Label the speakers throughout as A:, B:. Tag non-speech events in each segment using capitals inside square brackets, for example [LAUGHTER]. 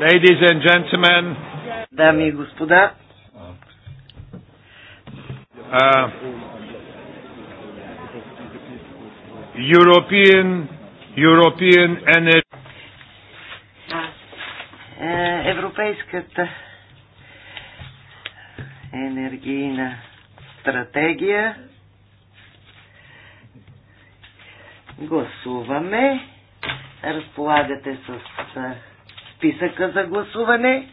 A: Ladies and gentlemen. Дами и господа.
B: Uh, European, European Energy.
C: Е, европейската енергийна стратегия. Гласуваме. Разполагате с е, списъка за гласуване.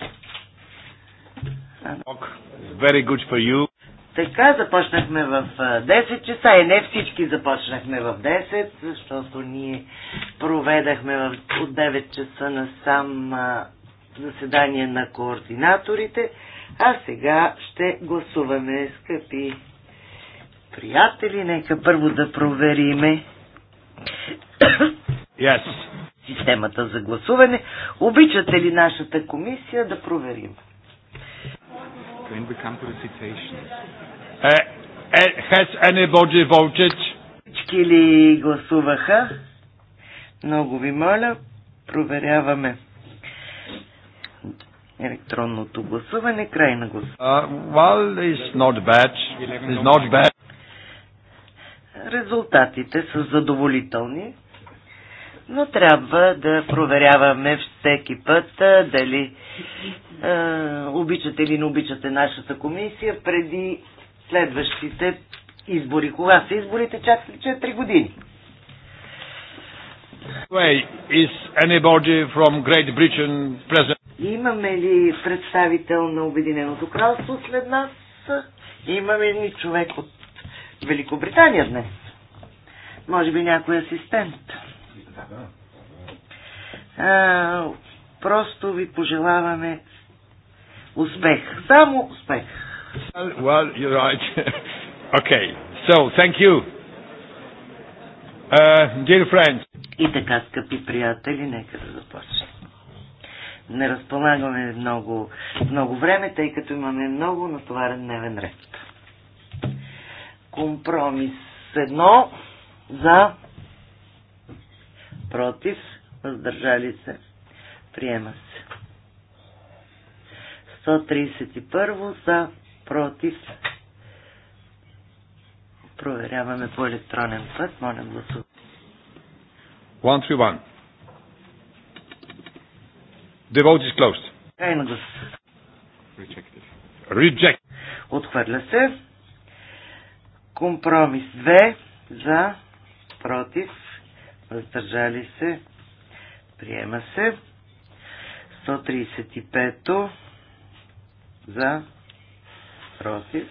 A: Very
B: good for you.
C: Така, започнахме в 10 часа и е, не всички започнахме в 10, защото ние проведахме в, от 9 часа на сам заседание на координаторите, а сега ще гласуваме, скъпи приятели. Нека първо да провериме. Yes системата за гласуване. Обичате ли нашата комисия да проверим?
B: Е, е, Всички ли
C: гласуваха? Много ви моля, проверяваме електронното гласуване, край на гласуване.
B: Uh, well, it's not
C: bad. It's not bad.
B: Резултатите
C: са задоволителни но трябва да проверяваме всеки път дали е, обичате или не обичате нашата комисия преди следващите избори. Кога са изборите? Чак след 4 години. Имаме ли представител на Обединеното кралство след нас? Имаме ли човек от Великобритания днес? Може би някой асистент? А, просто ви пожелаваме успех. Само
B: успех. Well, well you're right. [LAUGHS] okay. So, thank you.
C: Uh, dear friends. И така, скъпи приятели, нека да започнем. Не разполагаме много, много време, тъй като имаме много натоварен дневен ред. Компромис едно за против, въздържали се, приема се. 131 за, против, проверяваме по електронен път, моля
A: гласувайте. 131. The vote is closed. Край на Reject.
C: Отхвърля се. Компромис 2 за, против, въздържали се, приема се. 135 то за, против.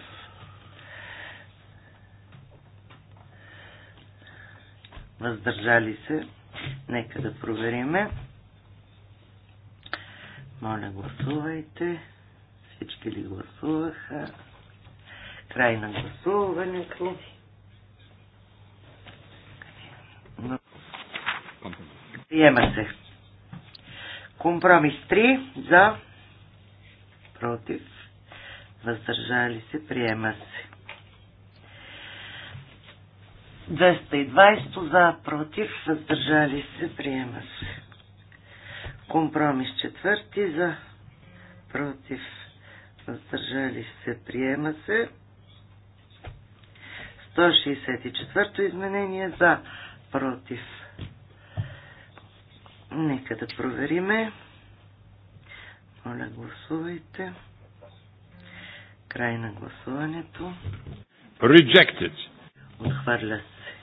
C: Въздържали се. Нека да провериме. Моля, гласувайте. Всички ли гласуваха? Край на гласуването. Приема се. Компромис 3 за против. Въздържали се. Приема се. 220 за против. Въздържали се. Приема се. Компромис 4 за против. Въздържали се. Приема се. 164 изменение за против Нека да провериме. Моля, гласувайте. Край на гласуването.
A: Rejected.
C: Отхвърля се.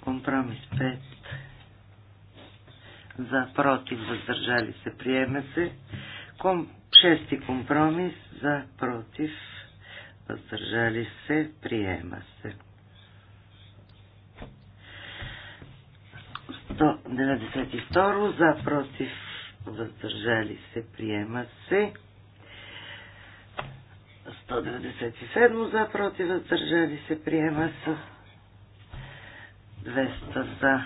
C: Компромис 5. За, против, въздържали се, приеме се. Ком... Шести компромис. За, против, въздържали се, приема се. 192 за против въздържали се приема се 197 за против въздържали се приема се 200 за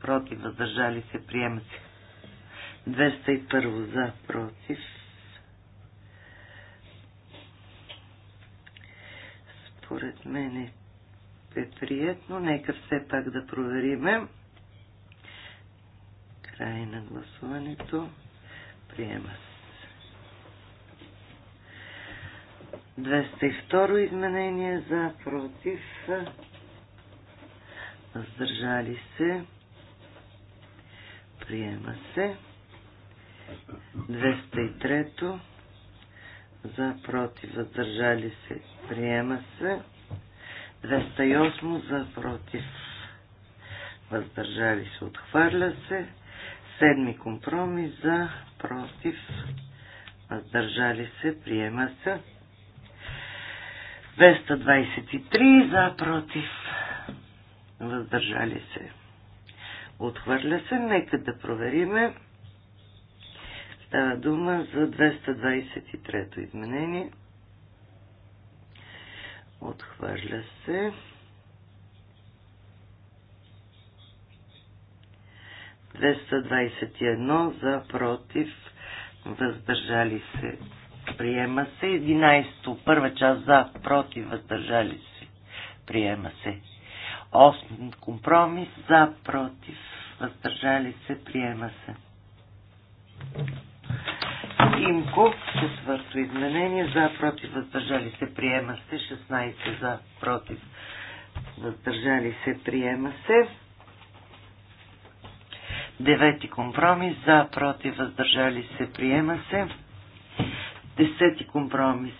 C: против въздържали се приема се 201 за против според мен е, е приятно. Нека все пак да провериме и на гласуването. Приема се. 202 изменение за против. Въздържали се. Приема се. 203 за против. Въздържали се. Приема се.
A: 208
C: за против. Въздържали се. Отхвърля се. Седми компромис за против. Въздържали се. Приема се. 223 за против. Въздържали се. Отхвърля се. Нека да провериме. Става дума за 223-то изменение. Отхвърля се. 221 за против, въздържали се. Приема се. 11. Първа част за против, въздържали се. Приема се. 8. Компромис за против, въздържали се. Приема се. Имко, четвърто изменение, за против, въздържали се, приема се, 16 за против, въздържали се, приема се. Девети компромис за, против, въздържали се, приема се. Десети компромис.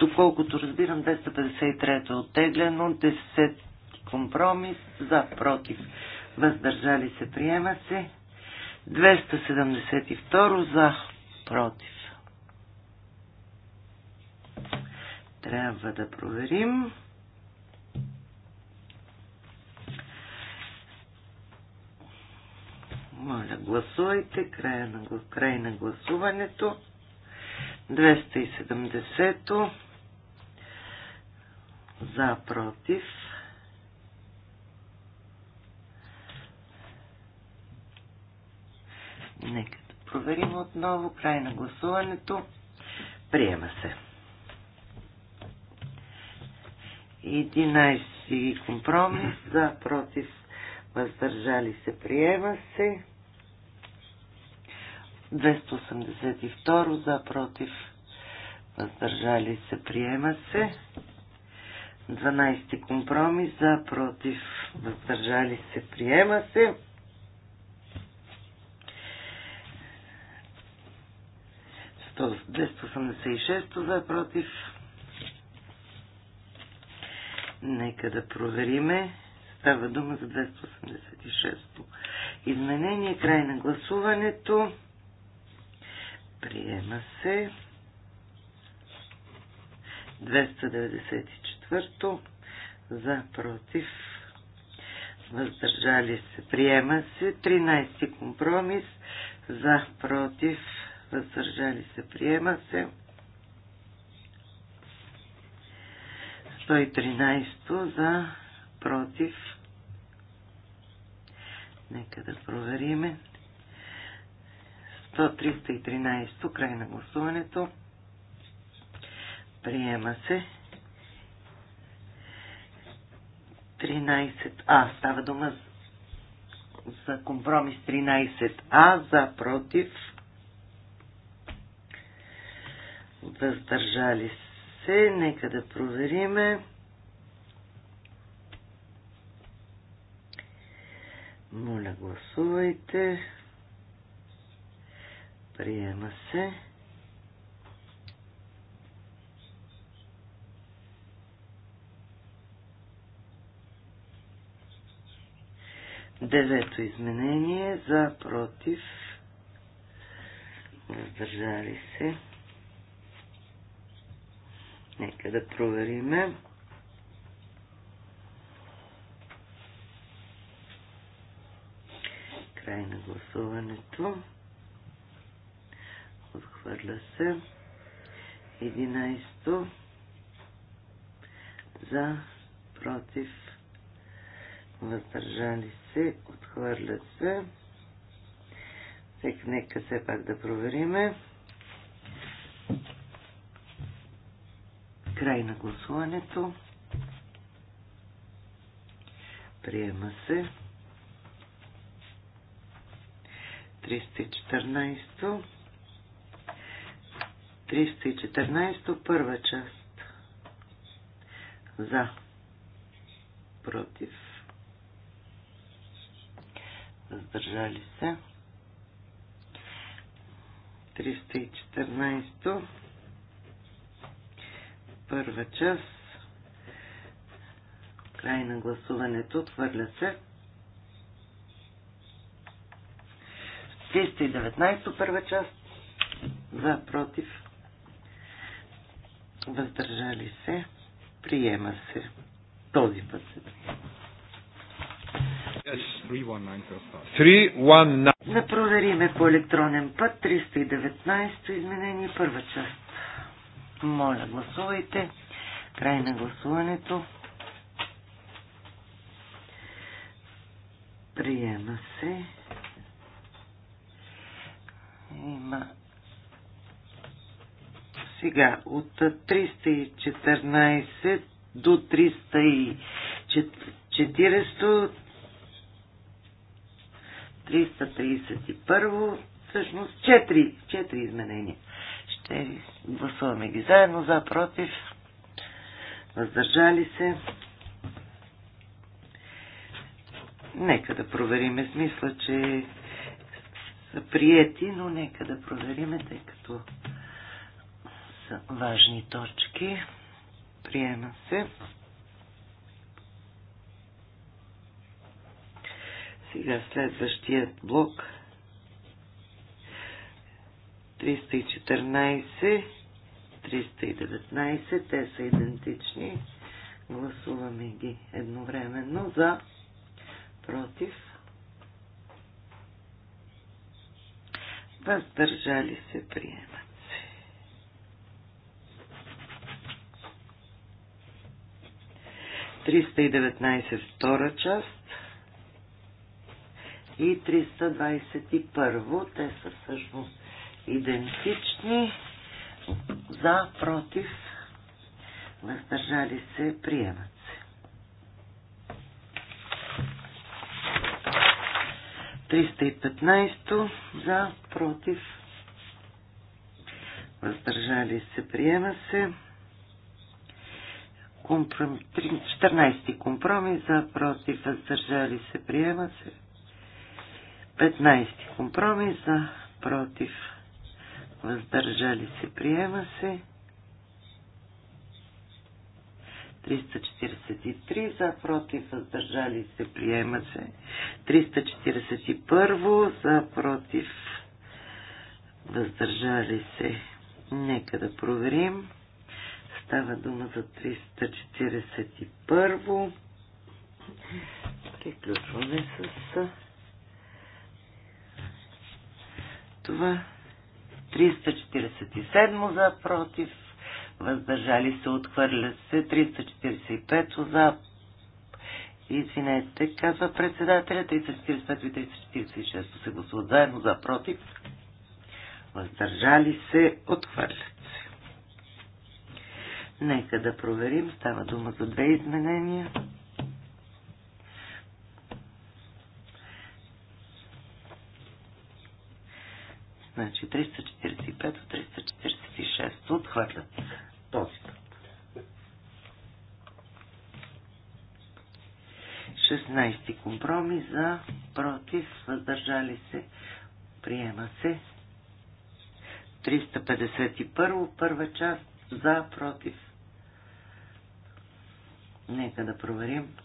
C: Доколкото разбирам, 253 е оттеглено. Десети компромис за, против, въздържали се, приема се. 272 за, против. Трябва да проверим. Моля, гласувайте. Край на, край на гласуването. 270-то. За, против. Нека да проверим отново. Край на гласуването. Приема се. 11 компромис. За, против. Въздържали се. Приема се. 282 за против въздържали се приема се 12 компромис за против въздържали се приема се 286 за против нека да провериме става дума за 286 изменение край на гласуването Приема се. 294 за против въздържали се. Приема се 13 компромис за против въздържали се. Приема се 113 за против. Нека да провериме. 113, Край на гласуването. Приема се. 13А. Става дума за компромис 13А. За против. Въздържали се. Нека да провериме. Моля, гласувайте. Приема се. Девето изменение за против. Въздържали се. Нека да провериме. Край на гласуването. Отхвърля се. 11 за, против, въздържали се, Отхвърля се. Тек, нека все пак да провериме. Край на гласуването. Приема се. 314. 314 първа част. За. Против. Въздържали се. 314 първа част. Край на гласуването. Отвърля се. 319 първа част. За, против въздържали се, приема се. Този път се приема. да провериме по електронен път 319 изменение първа част. Моля, гласувайте. Край на гласуването. Приема се. Има сега, от 314 до 340, 331, всъщност 4, 4 изменения. Ще гласуваме ги заедно, за, против, въздържали се. Нека да провериме смисъла, че са приети, но нека да провериме, тъй като са важни точки. Приема се. Сега следващият блок 314, 319, те са идентични. Гласуваме ги едновременно за, против, въздържали се приема. 319 втора част и 321. Те са всъщност идентични. За, против, въздържали се, приемат се. 315 за, против, въздържали се, приема се. 14 компромис за против въздържали се приема се. 15 компромис за против въздържали се приема се. 343 за против въздържали се приема се. 341 за против въздържали се. Нека да проверим. Става дума за 341. Приключваме с това. 347 за против. Въздържали се, отхвърля се. 345 за Извинете, казва председателя. 345 и 346 се гласуват заедно за против. Въздържали се, отхвърлят. Нека да проверим. Става дума за две изменения. Значи 345 346 отхвърлят този път. 16 компромис за против, въздържали се, приема се. 351 първа част за против, Нека да проверим.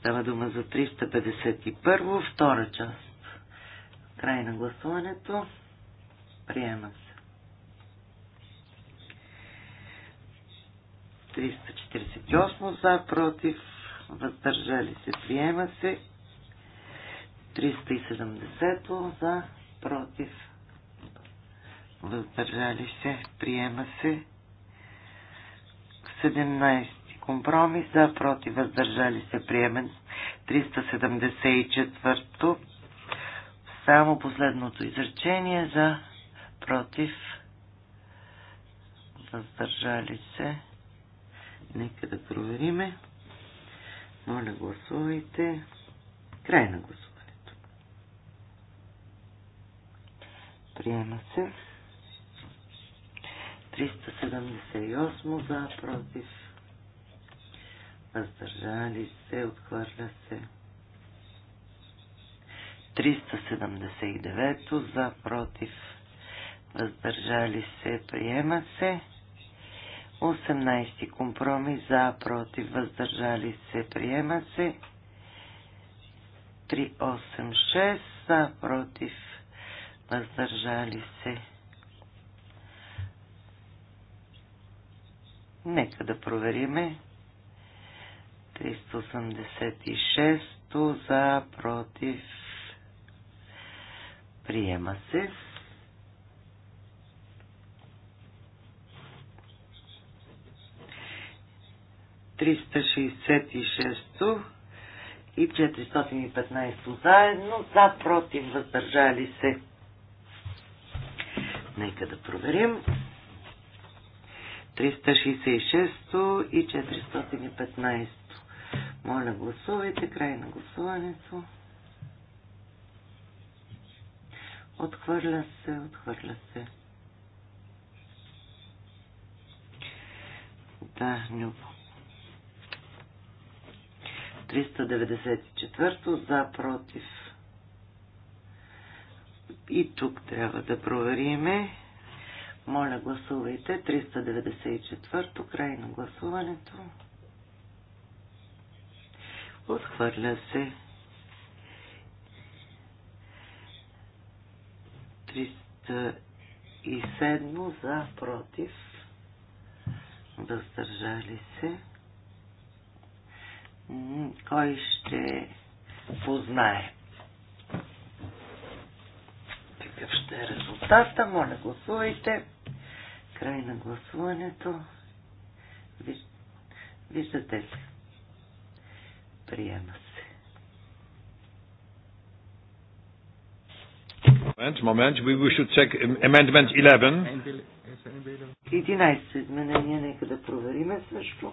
C: Става дума за 351, втора част. Край на гласуването. Приема се. 348 за, против, въздържали се, приема се. 370 за, против, въздържали се, приема се. 17 компромис, за, против, въздържали се, приемен. 374 само последното изречение за против, въздържали се. Нека да провериме. Моля, гласувайте. Край на гласуването. Приема се. 378 за, против, въздържали се, отхвърля се. 379 за, против, въздържали се, приема се. 18 компромис за, против, въздържали се, приема се. 386 за, против, въздържали се. Нека да провериме. 386 за против. Приема се. и и 415 заедно, за, против, въздържали се. Нека да проверим. 366 и 415. Моля, гласувайте. Край на гласуването. Отхвърля се, отхвърля се. Да, любо. 394 за против. И тук трябва да провериме. Моля, гласувайте. 394-то, край на гласуването. Отхвърля се. 307 за, против. Въздържали се. Кой ще познае? Какъв ще е резултата. Моля, гласувайте. Край на гласуването. Виж... Виждате ли?
B: Приема се. Момент, момент, we should check amendment 11.
C: 11 изменения. нека да провериме също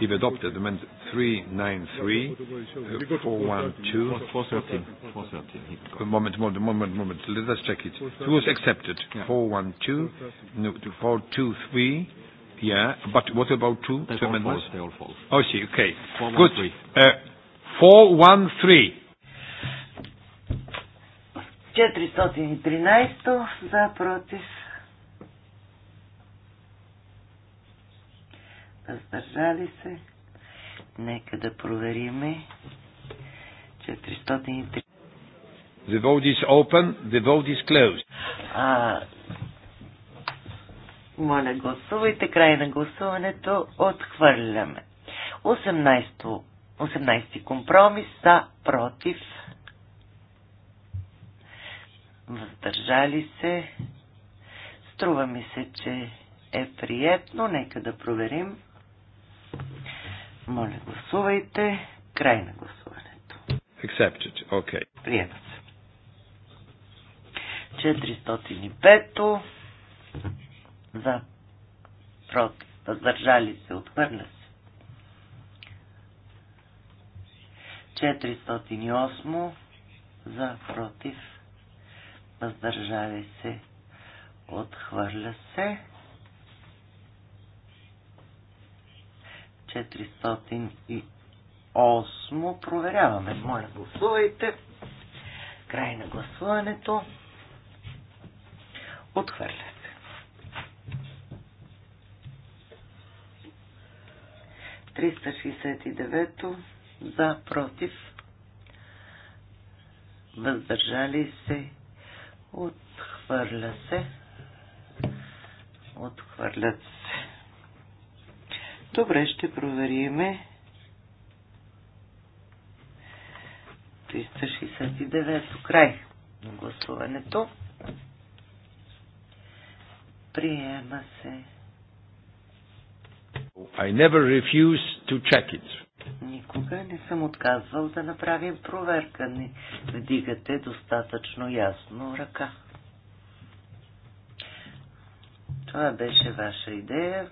B: if adopted, amendment 393, uh, 412. 413. 413. Moment, moment, moment, moment. Let
A: us check it. It was accepted. Yeah. 412, no, 423. Yeah, but what about two, They amendments? False, they all false. Oh, see, okay. Good. Uh, 413.
C: 413 за против въздържали се. Нека да провериме.
A: 403. The vote is open, the vote is closed.
C: А, моля, гласувайте. Край на гласуването. Отхвърляме. 18, 18 компромис за против. Въздържали се. Струва ми се, че е приятно. Нека да проверим. Моля, гласувайте. Край на гласуването. Accepted. Okay. Приема се. 405 за против. Въздържали се. Отхвърля се. 408 за против. Въздържали се. Отхвърля се. 408. Проверяваме. Моля, гласувайте. Край на гласуването. Отхвърля. Триста за, против, въздържали се, отхвърля се, отхвърлят се. Добре, ще провериме. 369 край на гласуването. Приема се.
A: I never refuse to check it.
C: Никога не съм отказвал да направим проверка. Не вдигате достатъчно ясно ръка. Това беше ваша идея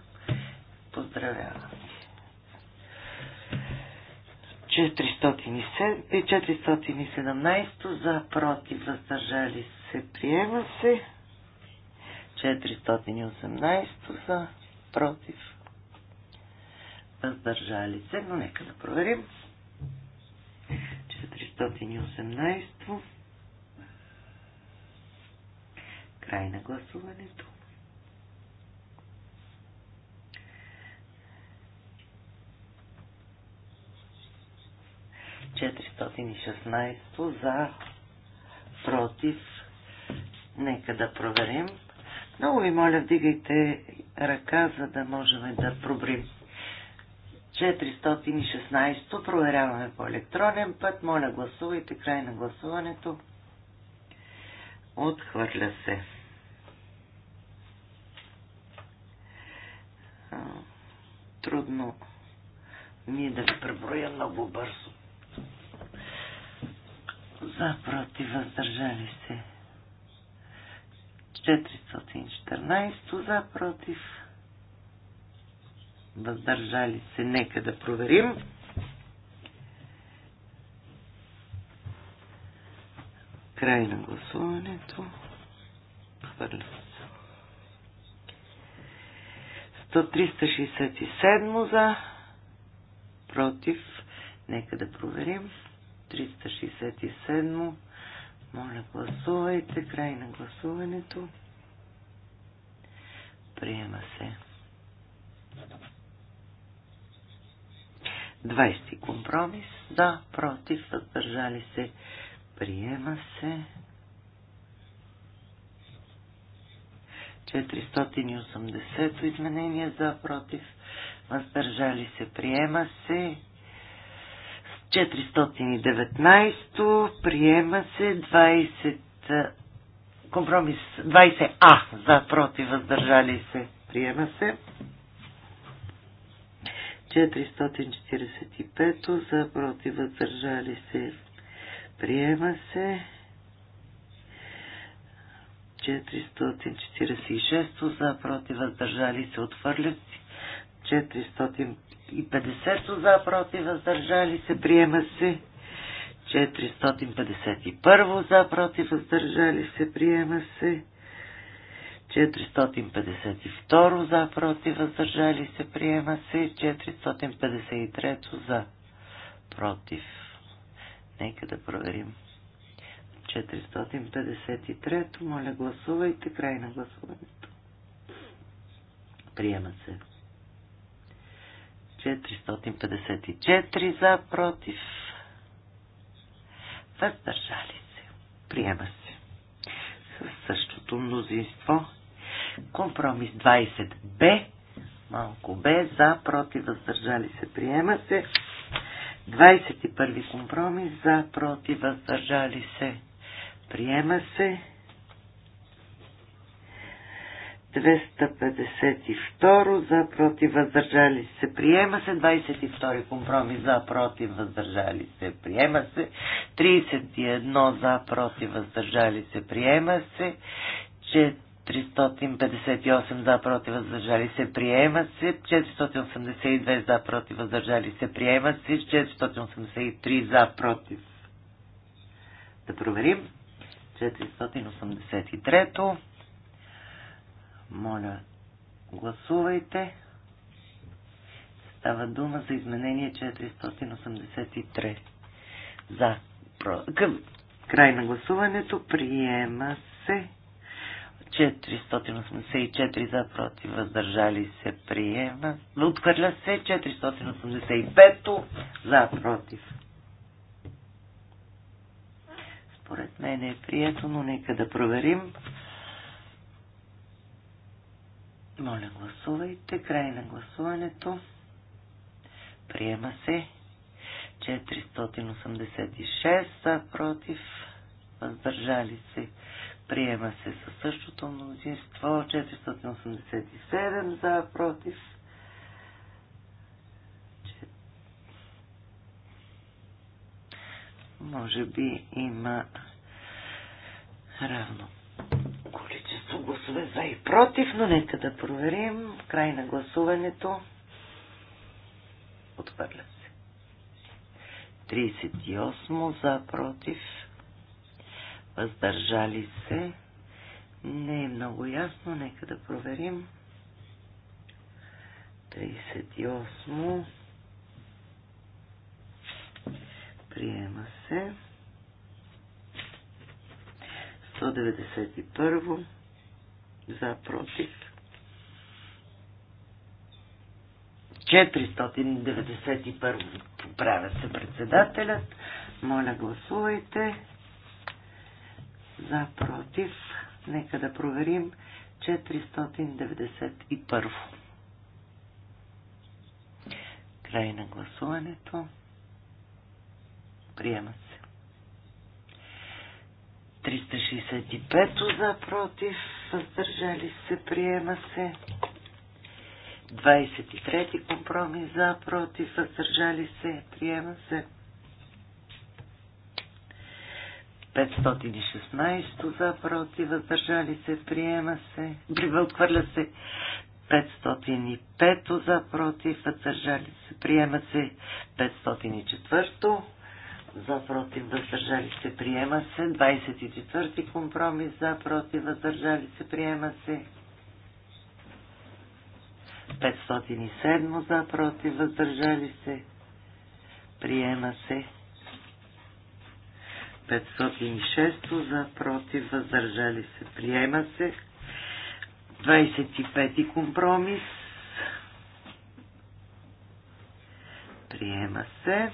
C: поздравява. 417 за против въздържали се приема се 418 за против въздържали се, но нека да проверим. 418 край на гласуването 416 за, против. Нека да проверим. Много ви моля, вдигайте ръка, за да можем да пробрим. 416 проверяваме по електронен път. Моля, гласувайте. Край на гласуването. Отхвърля се. Трудно ми е да ви преброя много бързо. За, против, въздържали се. 414 за, против. Въздържали се. Нека да проверим. Край на гласуването. Хвърля се. 367 за, против. Нека да проверим. 367. Моля, гласувайте. Край на гласуването. Приема се. 20 компромис. Да, против, въздържали се. Приема се. 480 изменения за против. Въздържали се. Приема се. 419 приема се 20 компромис 20А за против въздържали се приема се 445 за против въздържали се приема се 446 за против въздържали се отвърлят 450 за, против, въздържали се, приема се. 451 за, против, въздържали се, приема се. 452 за, против, въздържали се, приема се. 453 за, против. Нека да проверим. 453, моля гласувайте, край на гласуването. Приема се. 354 за, против. Въздържали се. Приема се. Със същото мнозинство. Компромис 20 Б. Малко Б. За, против, въздържали се. Приема се. 21 компромис. За, против, въздържали се. Приема се. 252 за против въздържали се приема се, 22 компромис за против въздържали се приема се, 31 за против въздържали се приема се, 358 за против въздържали се приема се, 482 за против въздържали се приема се, 483 за против. Да проверим. 483 моля, гласувайте. Става дума за изменение 483. За. Про... Към край на гласуването приема се 484 за против, въздържали се приема. Отхвърля се 485 за против. Според мен е прието, но нека да проверим. Моля, гласувайте. Край на гласуването. Приема се. 486 са против. Въздържали се. Приема се със същото мнозинство. 487 за против. Може би има равно количество гласове за и против, но нека да проверим. Край на гласуването. Отхвърля се. 38 за против. Въздържали се. Не е много ясно. Нека да проверим. 38. Приема се. 191 за против. 491 поправя се председателят. Моля гласувайте. За против. Нека да проверим 491. Край на гласуването. Приема се. 365 за против, въздържали се, приема се. 23 компромис за против, въздържали се, приема се. 516 за против, въздържали се, приема се. Отхвърля се 505 за против, въздържали се, приема се 504 за против въздържали се приема се. 24 компромис за против въздържали се приема се. 507 за против въздържали се приема се. 506 за против въздържали се приема се. 25 ти компромис приема се.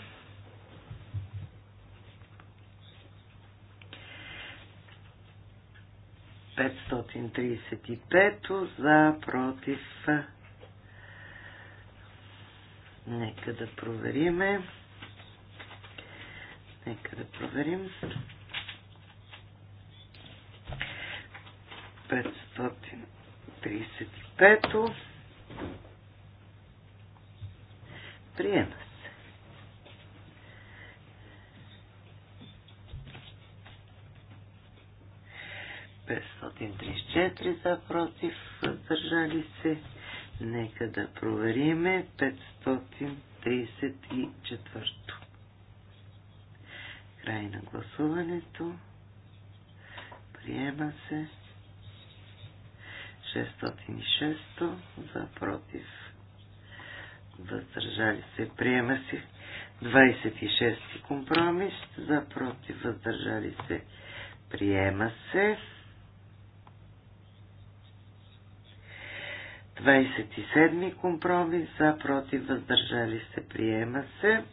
C: 535 за против. Нека да провериме. Нека да проверим. 535. Приема се. 534 за против, въздържали се. Нека да провериме 534. Край на гласуването. Приема се. 606 за против. Въздържали се. Приема се. 26 компромис за против. Въздържали се. Приема се. 27 компромис за против въздържали се приема се.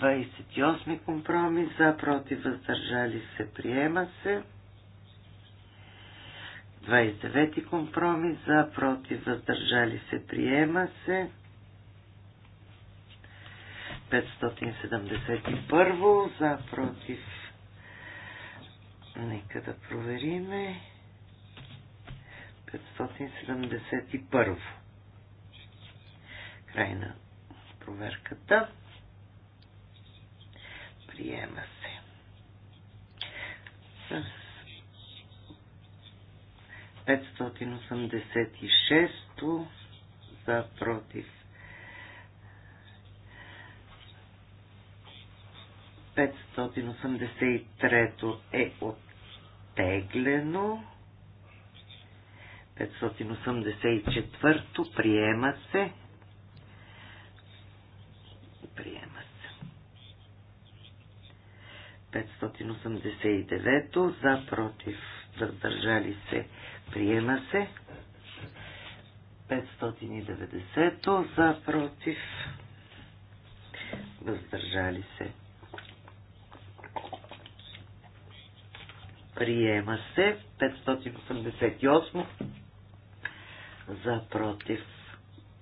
C: 28 компромис за против въздържали се приема се. 29 компромис за против въздържали се приема се. 571 за против. Нека да провериме. 571. Край на проверката. Приема се. С 586 за против 583 е оттеглено 584 то приема се. Приема се. 589 за против въздържали се. Приема се. 590 за против въздържали се. Приема се 588 за против.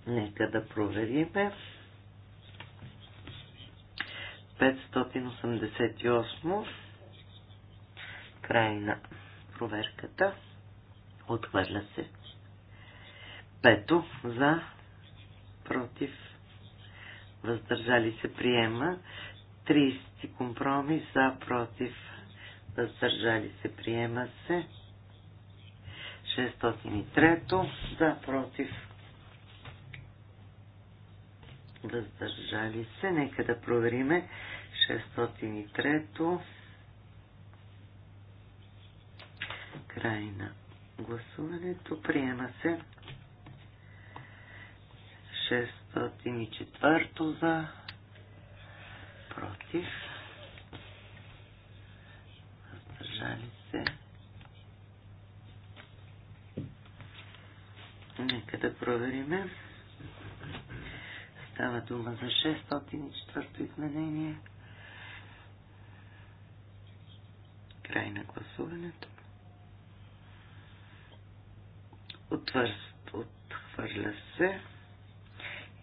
C: Нека да провериме. 588. Край на проверката. Отхвърля се. Пето за против. Въздържали се приема. 30 компромис за против. Въздържали се приема се. 603 за против въздържали се. Нека да провериме 603 край на гласуването. Приема се 604 за против въздържали Нека да проверим. Става дума за 604 изменение. Край на гласуването. Отвърз, отхвърля се.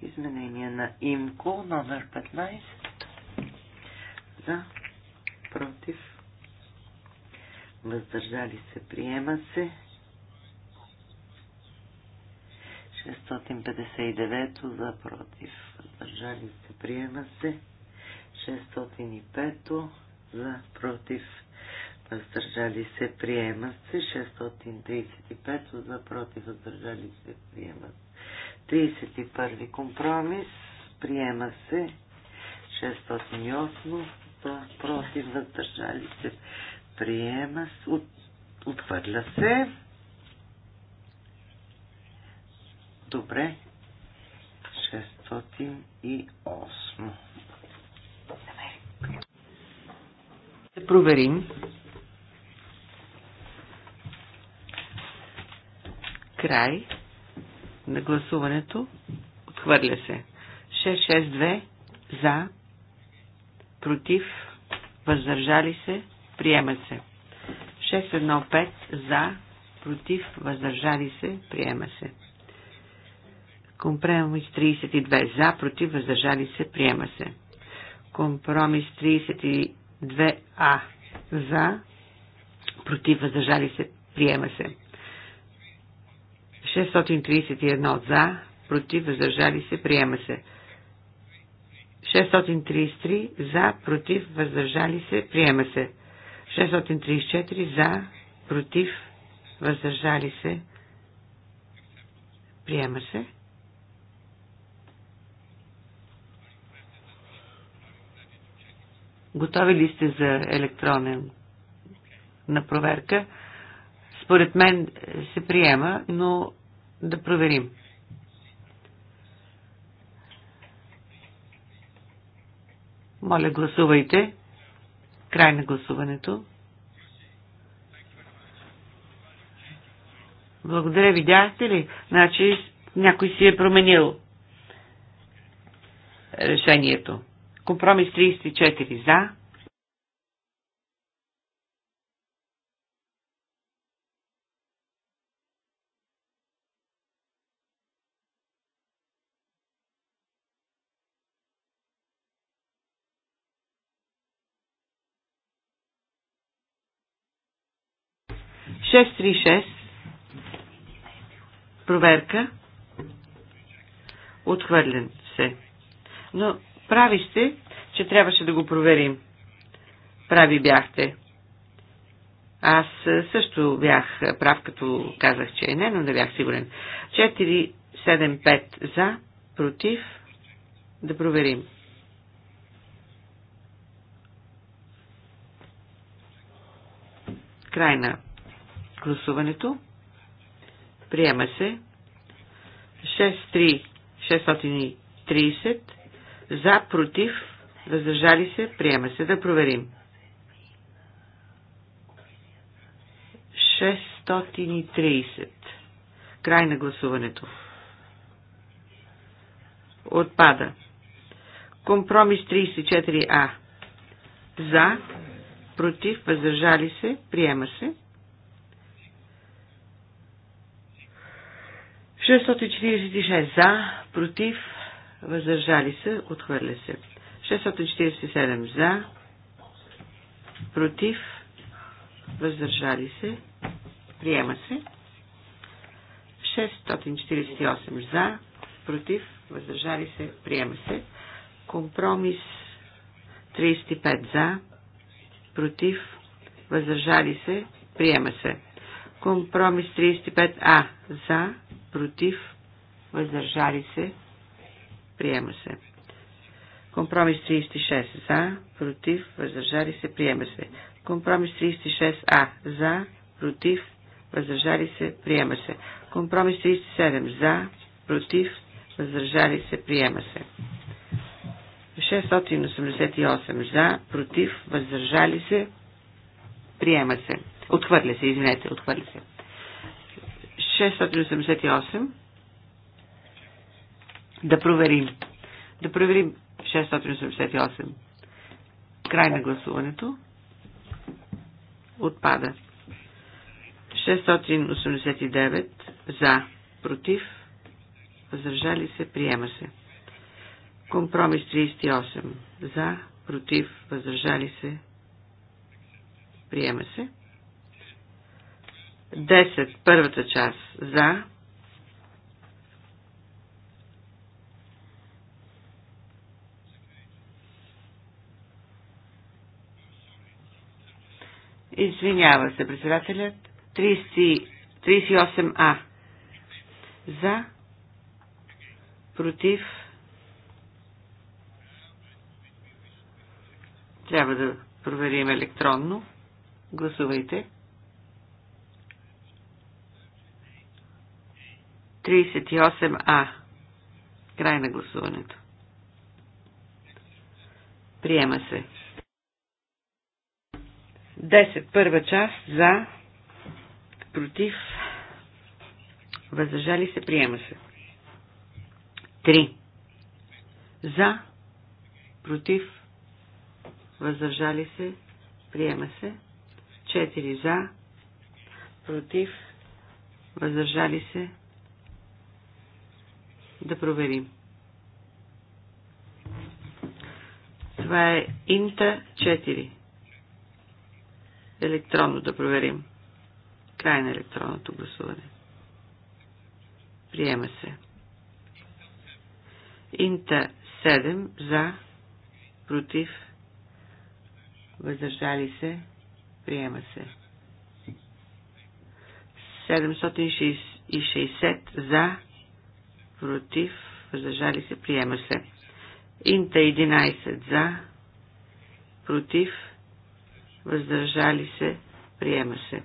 C: Изменение на имко, номер 15. За, против, въздържали се, приема се. 659 за против. Въздържали се. Приема се. 605 за против. Въздържали се. Приема се. 635 за против. Въздържали се. Приема се. 31 компромис. Приема се. 608 за против. Въздържали се. Приема се. От, отвърля се. Добре. 608. Ще проверим.
D: Край на гласуването. Отхвърля се. 662 за, против, въздържали се, приема се. 615 за, против, въздържали се, приема се. Компромис 32 за, против, въздържали се, приема се. Компромис 32а за, против, въздържали се, приема се. 631 за, против, въздържали се, приема се. 633 за, против, въздържали се, приема се. 634 за, против, въздържали се, приема се. Готови ли сте за електронен на проверка? Според мен се приема, но да проверим. Моля, гласувайте. Край на гласуването. Благодаря, видяхте ли? Значи някой си е променил решението. Компромис 34 за. Шест три шест. Проверка. Отхвърлен се. Но прави сте, че трябваше да го проверим. Прави бяхте. Аз също бях прав, като казах, че е не, но не бях сигурен. 4-7-5 за, против, да проверим. Край на гласуването. Приема се. 6-3-630 за, против, въздържали се, приема се. Да проверим. 630. Край на гласуването. Отпада. Компромис 34А. За, против, въздържали се, приема се. 646 за, против, въздържали се, отхвърля се. 647 за, против, въздържали се, приема се. 648 за, против, въздържали се, приема се. Компромис 35 за, против, въздържали се, приема се. Компромис 35а за, против, въздържали се, приема се. Компромис 36 за, против, въздържали се, приема се. Компромис 36а за, против, въздържали се, приема се. Компромис 37 за, против, въздържали се, приема се. 688 за, против, въздържали се, приема се. Отхвърля се, извинете, отхвърля се. 688 да проверим. Да проверим 688. Край на гласуването. Отпада. 689 за, против, въздържали се, приема се. Компромис 38 за, против, въздържали се, приема се. 10. Първата част за, Извинява се председателят. 30, 38А. За. Против. Трябва да проверим електронно. Гласувайте. 38А. Край на гласуването. Приема се. 10. Първа част за, против, въздържали се, приема се. 3. За, против, въздържали се, приема се. 4. За, против, въздържали се. Да проверим. Това е Инта 4 електронно да проверим. Край на електронното гласуване. Приема се. Инта 7 за, против, въздържали се, приема се. 760 за, против, въздържали се, приема се. Инта 11 за, против, въздържали се, приема се.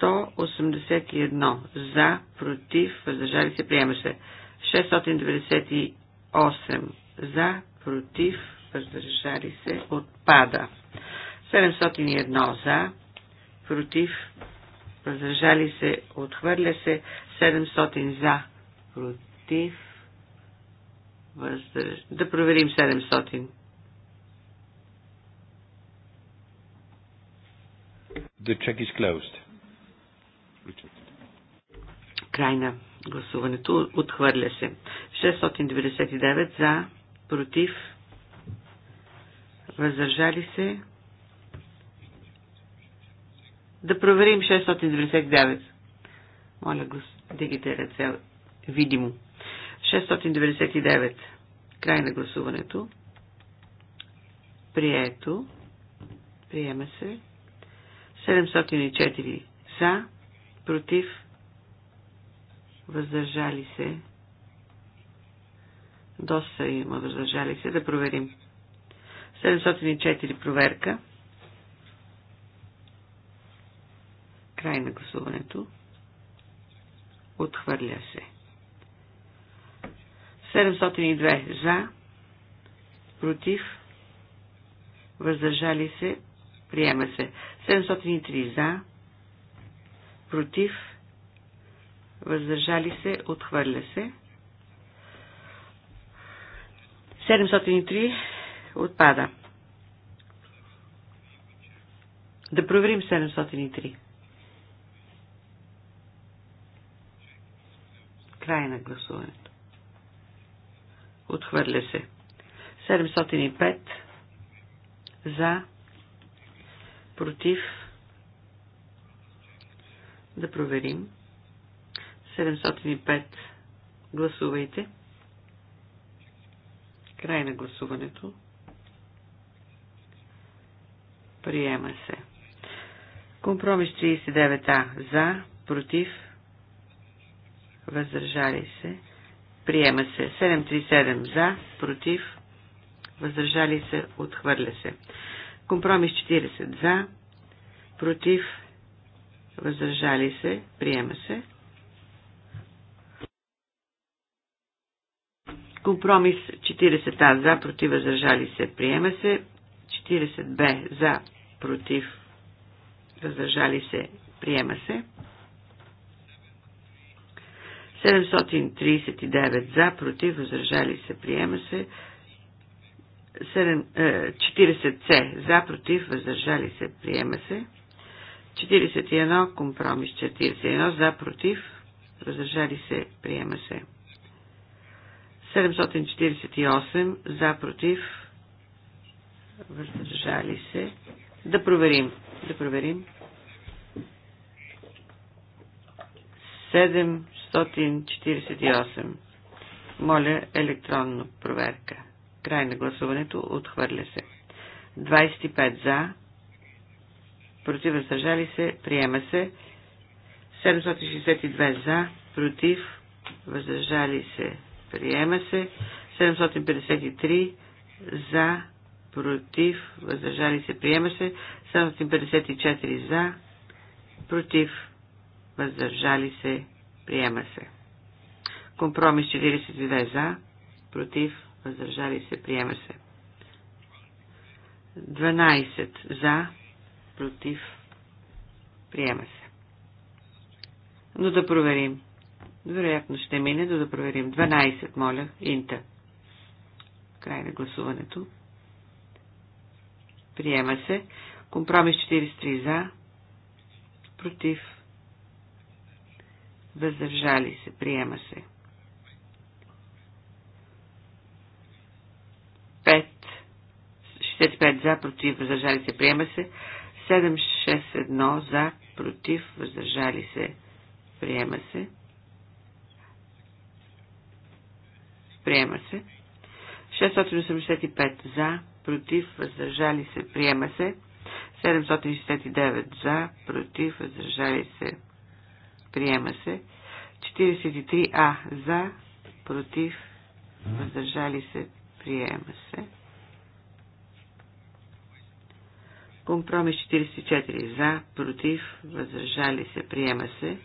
D: 181 за, против, въздържали се, приема се. 698 за, против, въздържали се, отпада. 701 за, против, въздържали се, отхвърля се, 700 за, против, въздърж... да проверим 700.
B: The check is closed.
D: Край на гласуването. Отхвърля се. 699 за, против, въздържали се. Да проверим 699. Моля, дигите ръце видимо. 699. Край на гласуването. Прието. Приема се. 704 за, против, въздържали се. Доста има въздържали се. Да проверим. 704 проверка. Край на гласуването. Отхвърля се. 702 за, против, въздържали се, Приема се. 703 за. Против. Въздържали се. Отхвърля се. 703 отпада. Да проверим 703. Край на гласуването. Отхвърля се. 705 за против, да проверим. 705 гласувайте. Край на гласуването. Приема се. Компромис 39А. За, против, въздържали се. Приема се. 737 за, против, въздържали се, отхвърля се. Компромис 40 за, против, въздържали се, приема се. Компромис 40А за, против, въздържали се, приема се. 40Б за, против, въздържали се, приема се. 739 за, против, въздържали се, приема се. 40C е, за, против, въздържали се, приема се. 41, компромис 41, за, против, въздържали се, приема се. 748, за, против,
C: въздържали
D: се. Да проверим, да проверим. 748. Моля електронно проверка. Край на гласуването. Отхвърля се. 25 за. Против въздържали се. Приема се. 762 за. Против въздържали се. Приема се. 753 за. Против въздържали се. Приема се. 754 за. Против въздържали се. Приема се. Компромис 42 за. Против въздържали се, приема се. 12 за, против, приема се. Но да проверим. Вероятно ще мине, но да проверим. 12, моля, инта. Край на гласуването. Приема се. Компромис 43 за, против, въздържали се, приема се. 45 за, против, въздържали се, приема се. 761 за, против, въздържали се, приема се. Приема се. 685 за, против, въздържали се, приема се. 769 за, против, въздържали се, приема се. 43а за, против, въздържали се, приема се. Компромис 44 за, против, въздържали се, приема се.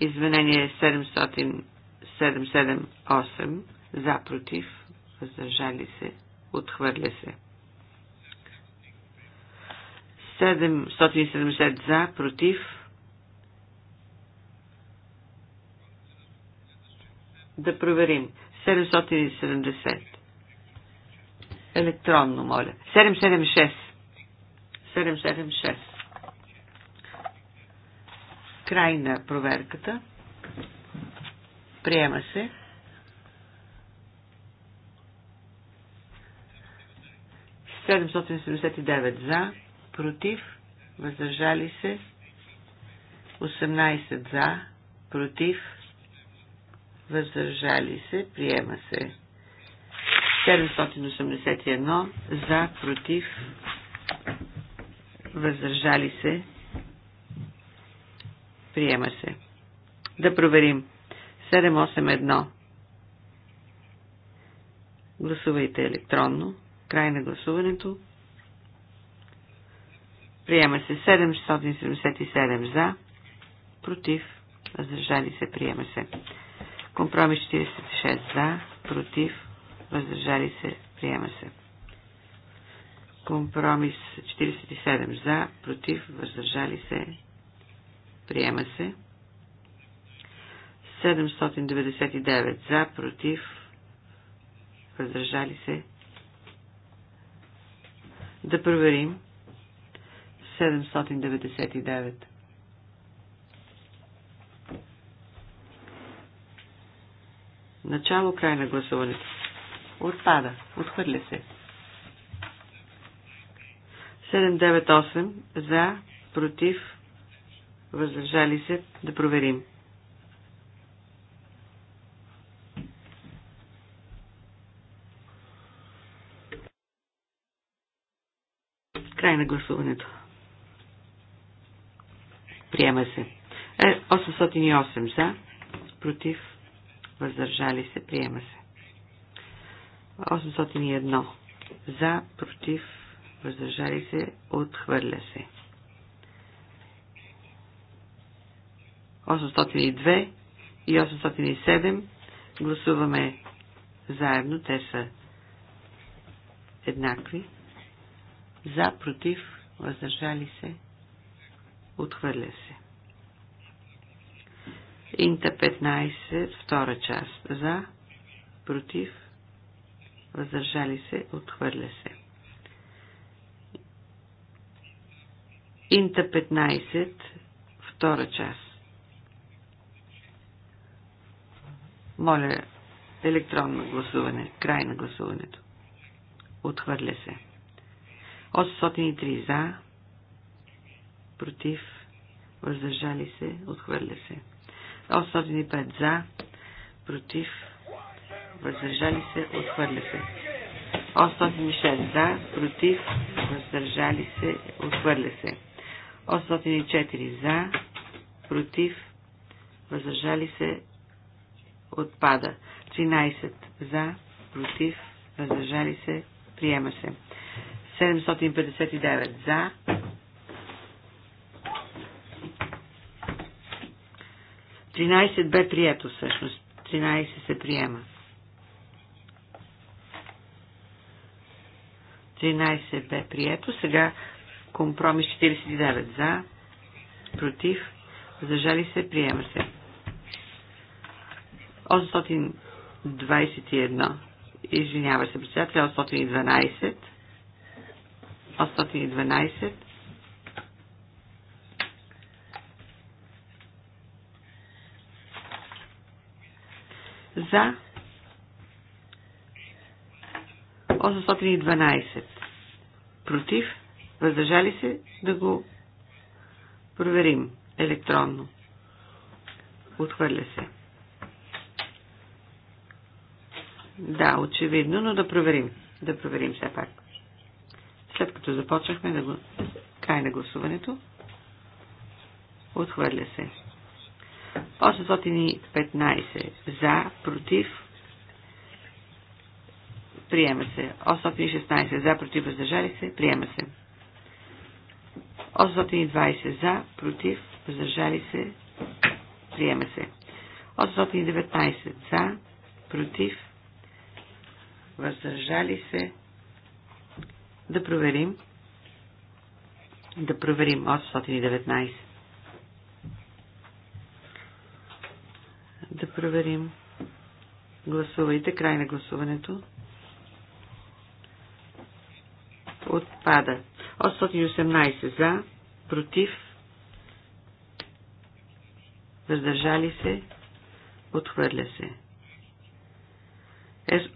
D: Изменение 778 за, против, въздържали се, отхвърля се. 770 за, против. Да проверим. 770. Електронно, моля. 776. 776. Край на проверката. Приема се. Седемсот за, против, въздържали се, 18 за, против, въздържали се, приема се. 781 за, против, въздържали се, приема се. Да проверим. 781. Гласувайте електронно. Край на гласуването. Приема се 777 за, против, въздържали се, приема се. Компромис 46 за, против, въздържали се, приема се. Компромис 47 за, против, въздържали се, приема се. 799 за, против, въздържали се. Да проверим. 799. Начало, край на гласуването. Отпада. Отхвърля се. 798 за, против, въздържали се, да проверим. Край на гласуването. Приема се. 808 е, за, против, въздържали се, приема се. 801 за, против, въздържали се, отхвърля се. 802 и 807 гласуваме заедно, те са еднакви. За, против, въздържали се, отхвърля се. Инта 15, втора част. За, против, въздържали се, отхвърля се. Инта 15, втора част. Моля, електронно гласуване, край на гласуването. Отхвърля се. 803 за, против, въздържали се, отхвърля се. 805 за, против, въздържали се, отхвърля се. 806 за, против, въздържали се, отхвърля се. 804 за, против, въздържали се, отпада. 13 за, против, въздържали се, приема се. 759 за, 13 бе прието всъщност. 13 се приема. 13 бе прието. Сега Компромис 49 за, против, въздържали се, приема се. 821, извинява се председател, 812, 812, за 812. Против Въздържали се да го проверим електронно. Отхвърля се. Да, очевидно, но да проверим. Да проверим все пак. След като започнахме да го... Край на гласуването. Отхвърля се. 815 за, против. Приема се. 816 за, против, въздържали се. Приема се. 820 за, против, въздържали се, приема се. 819 за, против, въздържали се. Да проверим. Да проверим 819. Да проверим. Гласувайте край на гласуването. Отпада 818 за, против, въздържали се, отхвърля се.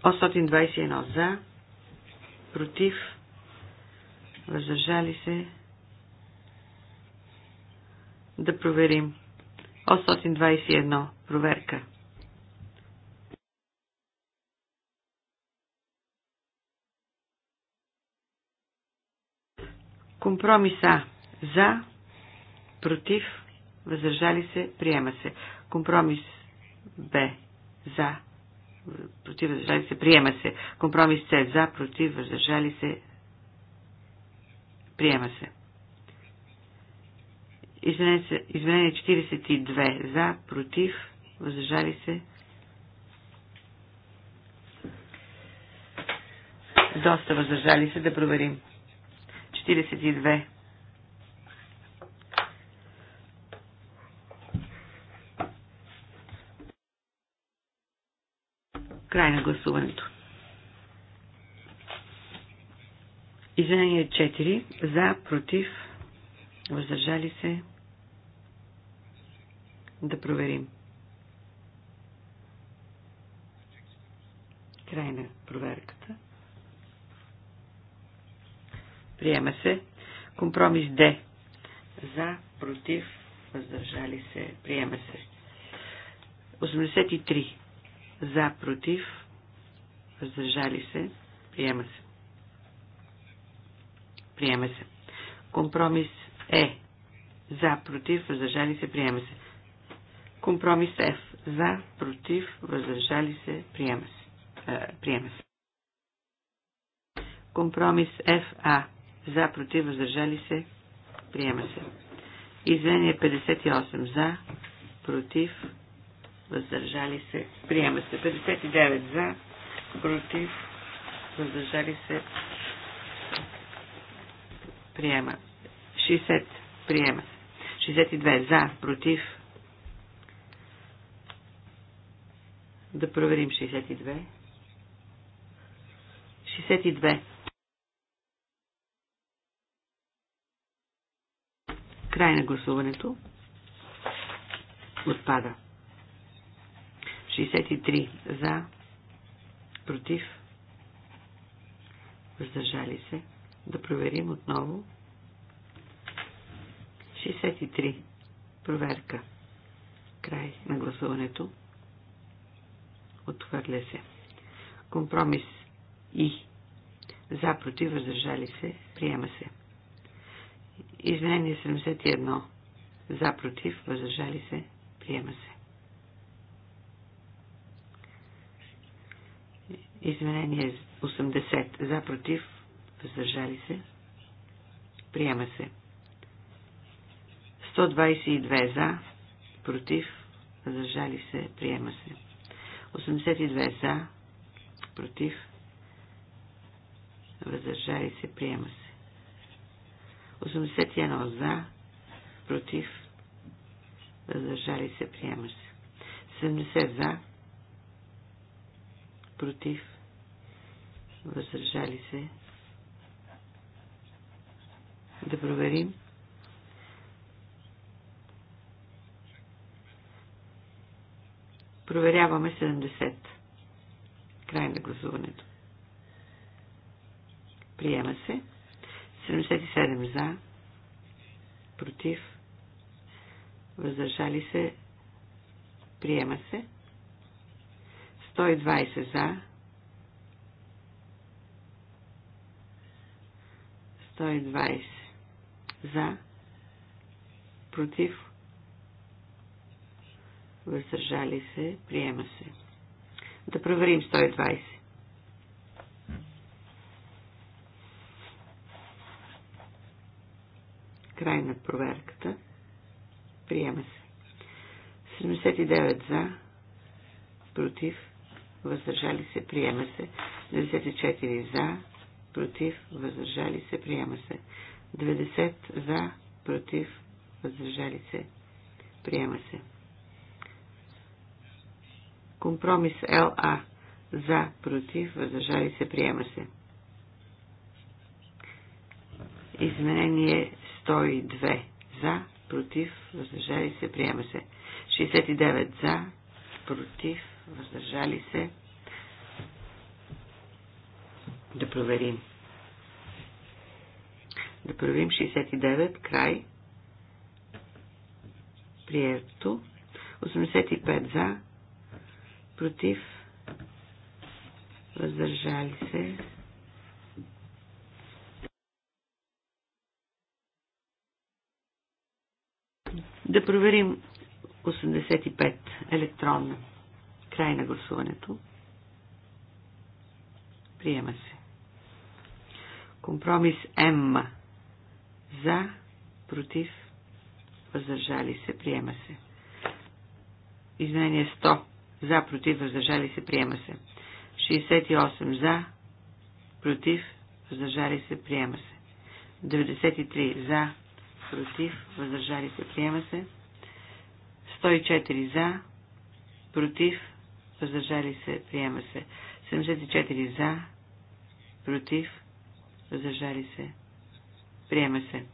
D: 821 е, за, против, въздържали се. Да проверим. 821. Проверка. Компромиса за, против, въздържали се, приема се. Компромис Б за, против, въздържали се, приема се. Компромис С за, против, въздържали се, приема се. Изменение 42 за, против, въздържали се. Доста въздържали се да проверим. 42. Край на гласуването. Извинение 4. За, против, въздържали се. Да проверим. Край на проверката. Приема се. Компромис Д. За, против, въздържали се. Приема се. 83. За, против, въздържали се. Приема се. Приема се. Компромис Е. За, против, въздържали се. Приема се. Компромис Ф. За, против, въздържали се. Приема се. Е, приема се. Компромис ФА за, против, въздържали се, приема се. Извинение 58 за, против, въздържали се, приема се. 59 за, против, въздържали се, приема. 60, приема се. 62 за, против, да проверим 62. 62. Край на гласуването. Отпада. 63 за, против, въздържали се. Да проверим отново. 63. Проверка. Край на гласуването. Отхвърля се. Компромис И. За, против, въздържали се. Приема се. Изменение 71. За, против, въздържали се, приема се. Изменение 80. За, против, въздържали се, приема се. 122 за, против, въздържали се, приема се. 82 за, против, въздържали се, приема се. 81 за, против, въздържали се, приема се. 70 за, против, въздържали се. Да проверим. Проверяваме 70. Край на гласуването. Приема се. 77 за, против, въздържали се, приема се. 120 за, 120 за, против, въздържали се, приема се. Да проверим 120. Край на проверката. Приема се. 79 за, против, въздържали се, приема се. 94 за, против, въздържали се, приема се. 90 за, против, въздържали се, приема се. Компромис ЛА за, против, въздържали се, приема се. Изменение 102 за, против, въздържали се, приема се. 69 за, против, въздържали се. Да проверим. Да проверим 69, край. Прието. 85 за, против, въздържали се. Да проверим 85 електронно. Край на гласуването. Приема се. Компромис М. За, против, въздържали се, приема се. Изменение 100. За, против, въздържали се, приема се. 68. За, против, въздържали се, приема се. 93. За, против, въздържали се, приема се. 104 за, против, въздържали се, приема се. 74 за, против, въздържали се, приема се.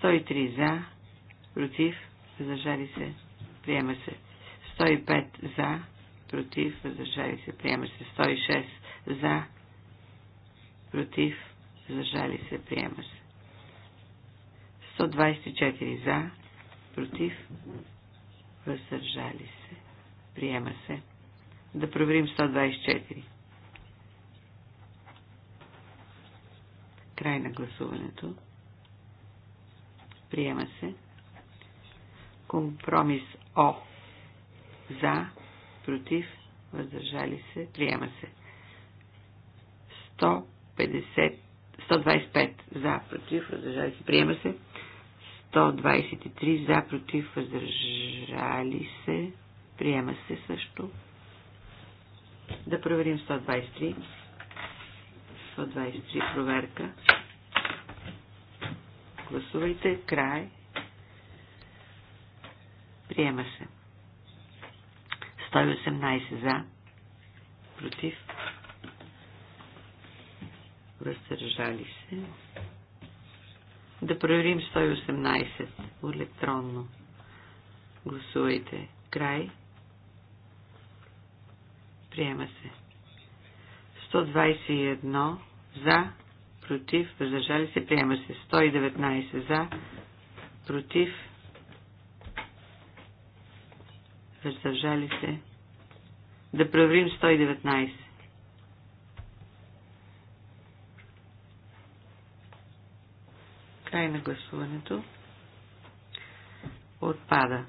D: 103 за, против, въздържали се, приема се. 105 за, против, въздържали се, приема се. 106 за, против, въздържали се, приема се. 124 за, против, въздържали се, приема се. Да проверим 124. Край на гласуването. Приема се. Компромис О. За, против, въздържали се, приема се. 150, 125 за, против, въздържали се, приема се. 123 за, против, въздържали се. Приема се също. Да проверим 123. 123 проверка. Гласувайте. Край. Приема се. 118 за. Против. Въздържали се. Да проверим 118 електронно. Гласувайте. Край. Приема се. 121 за, против, въздържали се, приема се. 119 за, против, въздържали се. Да проверим 119. Край на гласуването. Отпада.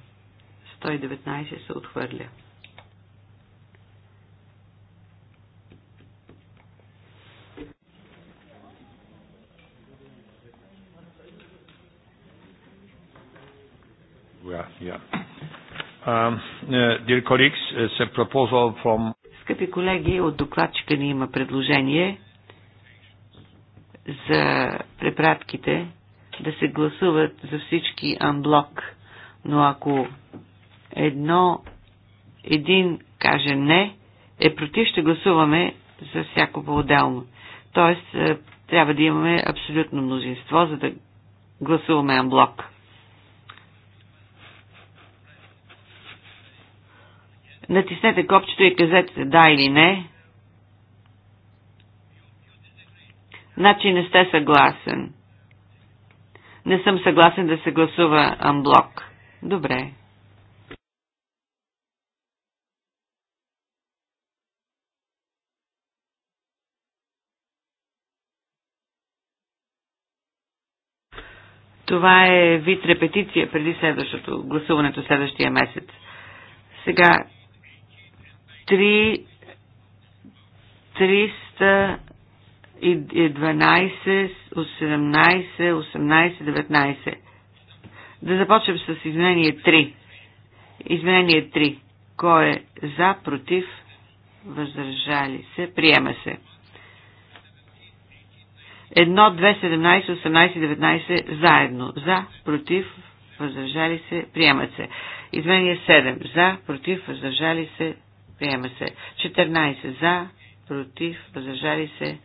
D: 119 се отхвърля.
B: Um,
A: uh,
D: Скъпи колеги, от докладчика ни има предложение за препратките да се гласуват за всички анблок. Но ако едно, един каже не, е против, ще гласуваме за всяко по-отделно. Тоест, е, трябва да имаме абсолютно мнозинство, за да гласуваме анблок. Натиснете копчето и казете да или не. Значи не сте съгласен. Не съм съгласен да се гласува амблок. Добре. Това е вид репетиция преди следващото, гласуването следващия месец. Сега 3, 300 и 12, 18, 18, 19. Да започнем с изменение 3. Изменение 3. Кой е за, против, въздържали се, приема се. 1, 2, 17, 18, 19 заедно. За, против, въздържали се, приема се. Изменение 7. За, против, въздържали се, приема се. 14. За, против, въздържали се,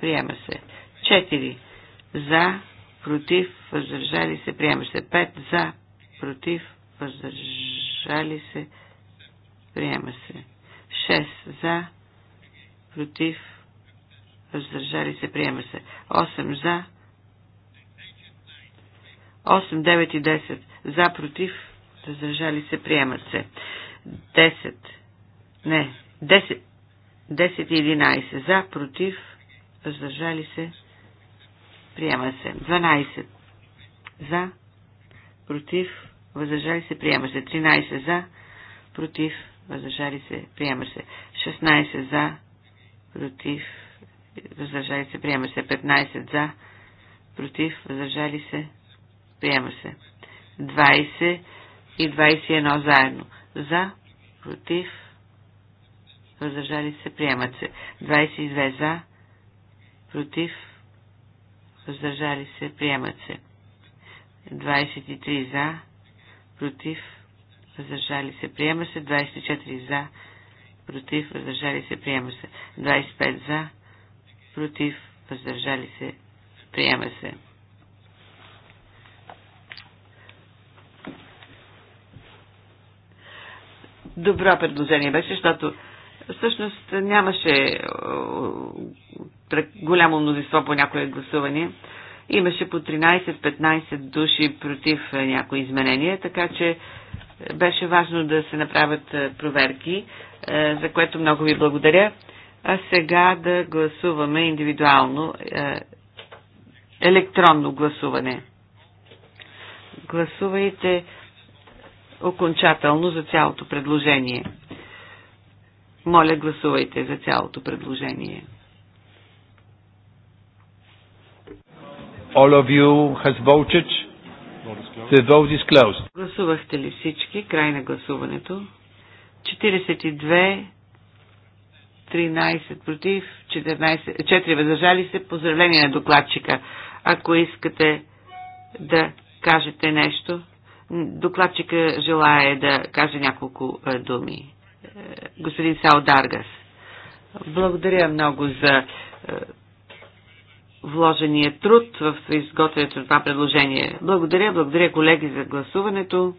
D: приема се. 4 за, против, въздържали се, приема се. 5 за, против, въздържали се, приема се. 6 за, против, въздържали се, приема се. 8 за, 8, 9 и 10 за, против, въздържали се, приемат се. 10, не, 10, 10 и 11 за, против, въздържали се, приема се. 12 за, против, въздържали се, приема се. 13 за, против, въздържали се, приема се. 16 за, против, въздържали се, приема се. 15 за, против, въздържали се, приема се. 20 и 21 заедно. За, против, въздържали се, приемат се. 22 за, против, въздържали се, приемат се. 23 за, против, въздържали се, приема се. 24 за, против, въздържали се, приема се. 25 за, против, въздържали се, приема се. Добро предложение беше, защото всъщност нямаше голямо мнозинство по някои гласувания. Имаше по 13-15 души против е, някои изменения, така че беше важно да се направят е, проверки, е, за което много ви благодаря. А сега да гласуваме индивидуално електронно гласуване. Гласувайте окончателно за цялото предложение. Моля, гласувайте за цялото предложение.
B: all of you has voted. The vote is closed.
D: Гласувахте ли всички? Край на гласуването. 42, 13 против, 14, 4 въздържали се. Поздравление на докладчика. Ако искате да кажете нещо, докладчика желая да каже няколко е, думи. Е, господин Сао Даргас. Благодаря много за е, вложения труд в изготвянето на това предложение. Благодаря, благодаря колеги за гласуването.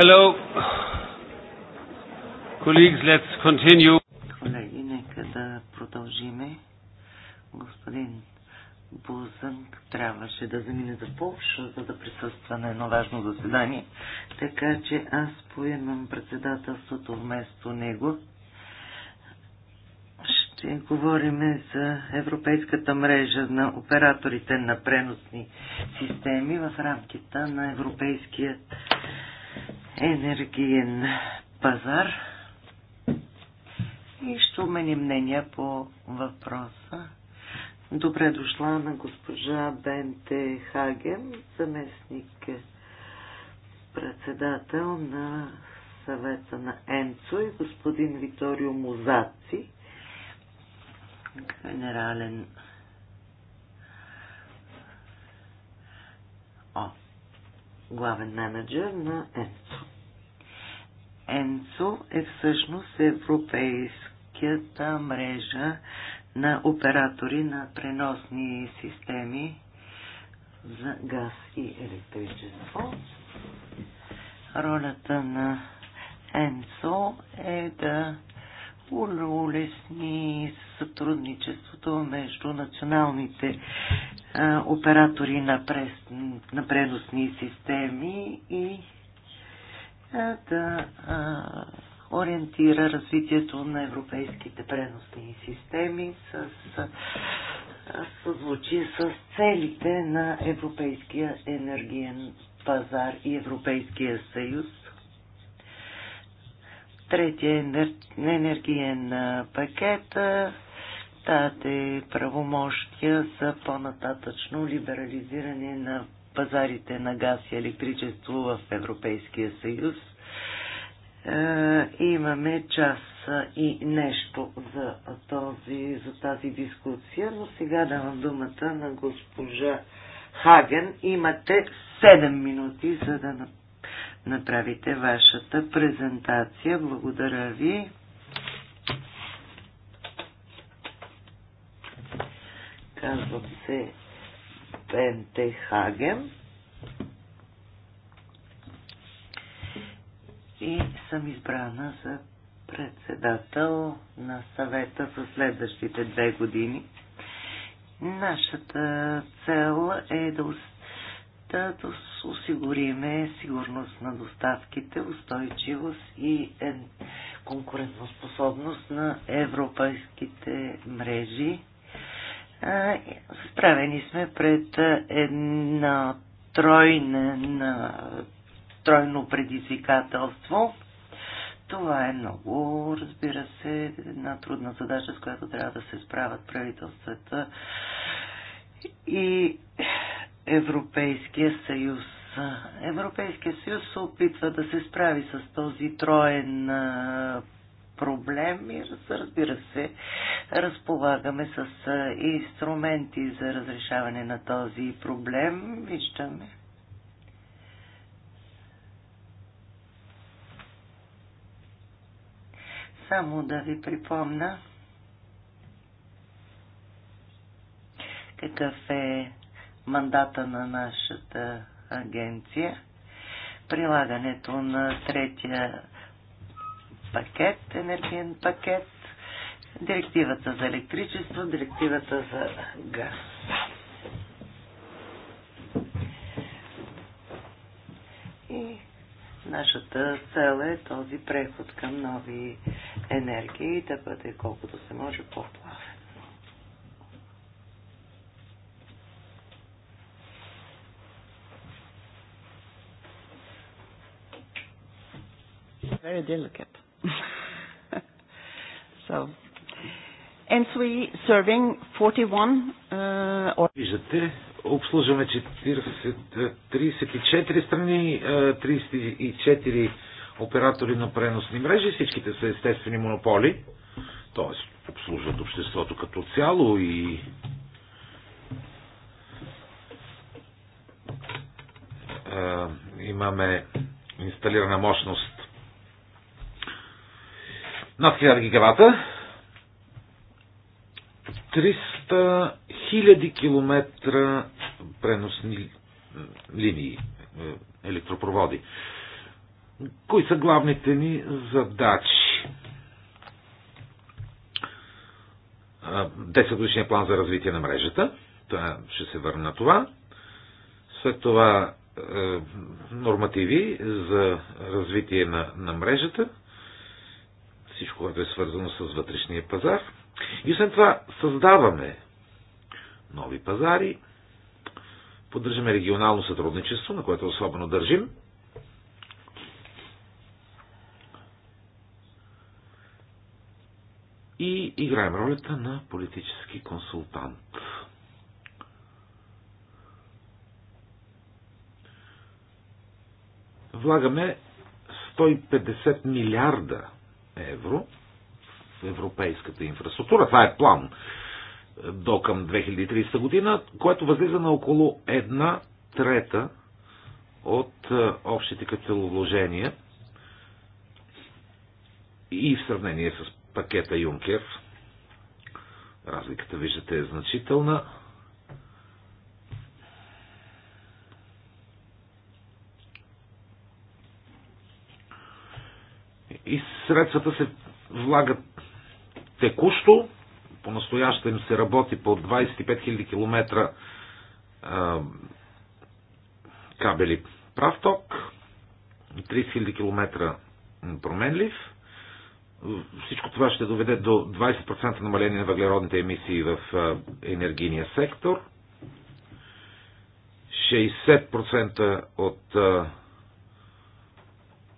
A: Hello. Colleagues, let's continue. Колеги, нека
C: да продължиме. Господин Бузънк трябваше да замине за Польша, за да присъства на едно важно заседание. Така че аз поемам председателството вместо него. Ще говорим за Европейската мрежа на операторите на преносни системи в рамките на Европейския енергиен пазар и ще уменим мнения по въпроса. Добре дошла на госпожа Бенте Хаген, заместник председател на съвета на ЕНЦО и господин Виторио Мозаци, генерален главен менеджер на ЕНСО. ЕНСО е всъщност европейската мрежа на оператори на преносни системи за газ и електричество. Ролята на ЕНСО е да улесни сътрудничеството между националните а, оператори на, прес, на преносни системи и а, да а, ориентира развитието на европейските преносни системи с съзвучие с целите на Европейския енергиен пазар и Европейския съюз третия енергиен пакет даде правомощия за по-нататъчно либерализиране на пазарите на газ и електричество в Европейския съюз. Имаме час и нещо за, този, за тази дискусия, но сега давам думата на госпожа Хаген. Имате 7 минути, за да направите вашата презентация. Благодаря ви. Казвам се Пенте Хаген. И съм избрана за председател на съвета за следващите две години. Нашата цел е да да осигуриме сигурност на доставките, устойчивост и конкурентоспособност на европейските мрежи. Справени сме пред една тройна, тройно предизвикателство. Това е много, разбира се, една трудна задача, с която трябва да се справят правителствата и Европейския съюз. Европейския съюз се опитва да се справи с този троен проблем и разбира се, разполагаме с инструменти за разрешаване на този проблем. Виждаме. Само да ви припомна какъв е мандата на нашата агенция. Прилагането на третия пакет, енергиен пакет, директивата за електричество, директивата за газ. И нашата цел е този преход към нови енергии да бъде колкото се може по-плавен. very delicate. [LAUGHS] so, we serving 41
A: uh, or... Виждате, обслужваме 40, 34 страни, 34 оператори на преносни мрежи, всичките са естествени монополи, т.е. обслужват обществото като цяло и имаме инсталирана мощност над 1000 гигавата, 300 000 километра преносни линии, е, електропроводи. Кои са главните ни задачи? 10 годишния план за развитие на мрежата. Това, ще се върна на това. След това е, нормативи за развитие на, на мрежата всичко, което е свързано с вътрешния пазар. И след това създаваме нови пазари, поддържаме регионално сътрудничество, на което особено държим. И играем ролята на политически консултант. Влагаме 150 милиарда евро в европейската инфраструктура. Това е план до към 2030 година, което възлиза на около една трета от е, общите капиталовложения и в сравнение с пакета Юнкер. Разликата, виждате, е значителна. и средствата се влагат текущо. По-настоящем се работи по 25 000 км кабели прав ток, 30 000 км променлив. Всичко това ще доведе до 20% намаление на въглеродните емисии в енергийния сектор. 60% от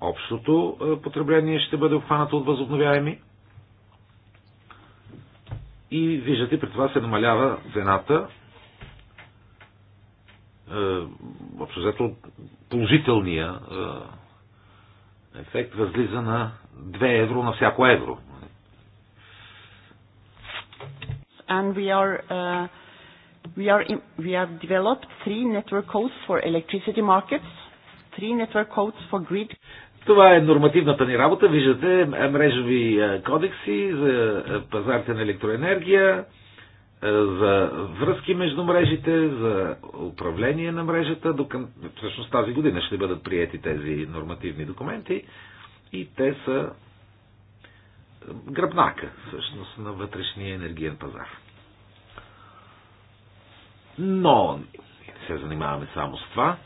A: общото е, потребление ще бъде обхванато от възобновяеми. И виждате, при това се намалява цената е, общо взето положителния е, ефект възлиза на 2 евро на всяко евро.
D: And we are, uh, we are in, we have developed three network codes for electricity markets, three network codes for grid.
A: Това е нормативната ни работа. Виждате мрежови кодекси за пазарите на електроенергия, за връзки между мрежите, за управление на мрежата. Докъм... Всъщност тази година ще бъдат приети тези нормативни документи и те са гръбнака, всъщност, на вътрешния енергиен пазар. Но не се занимаваме само с това.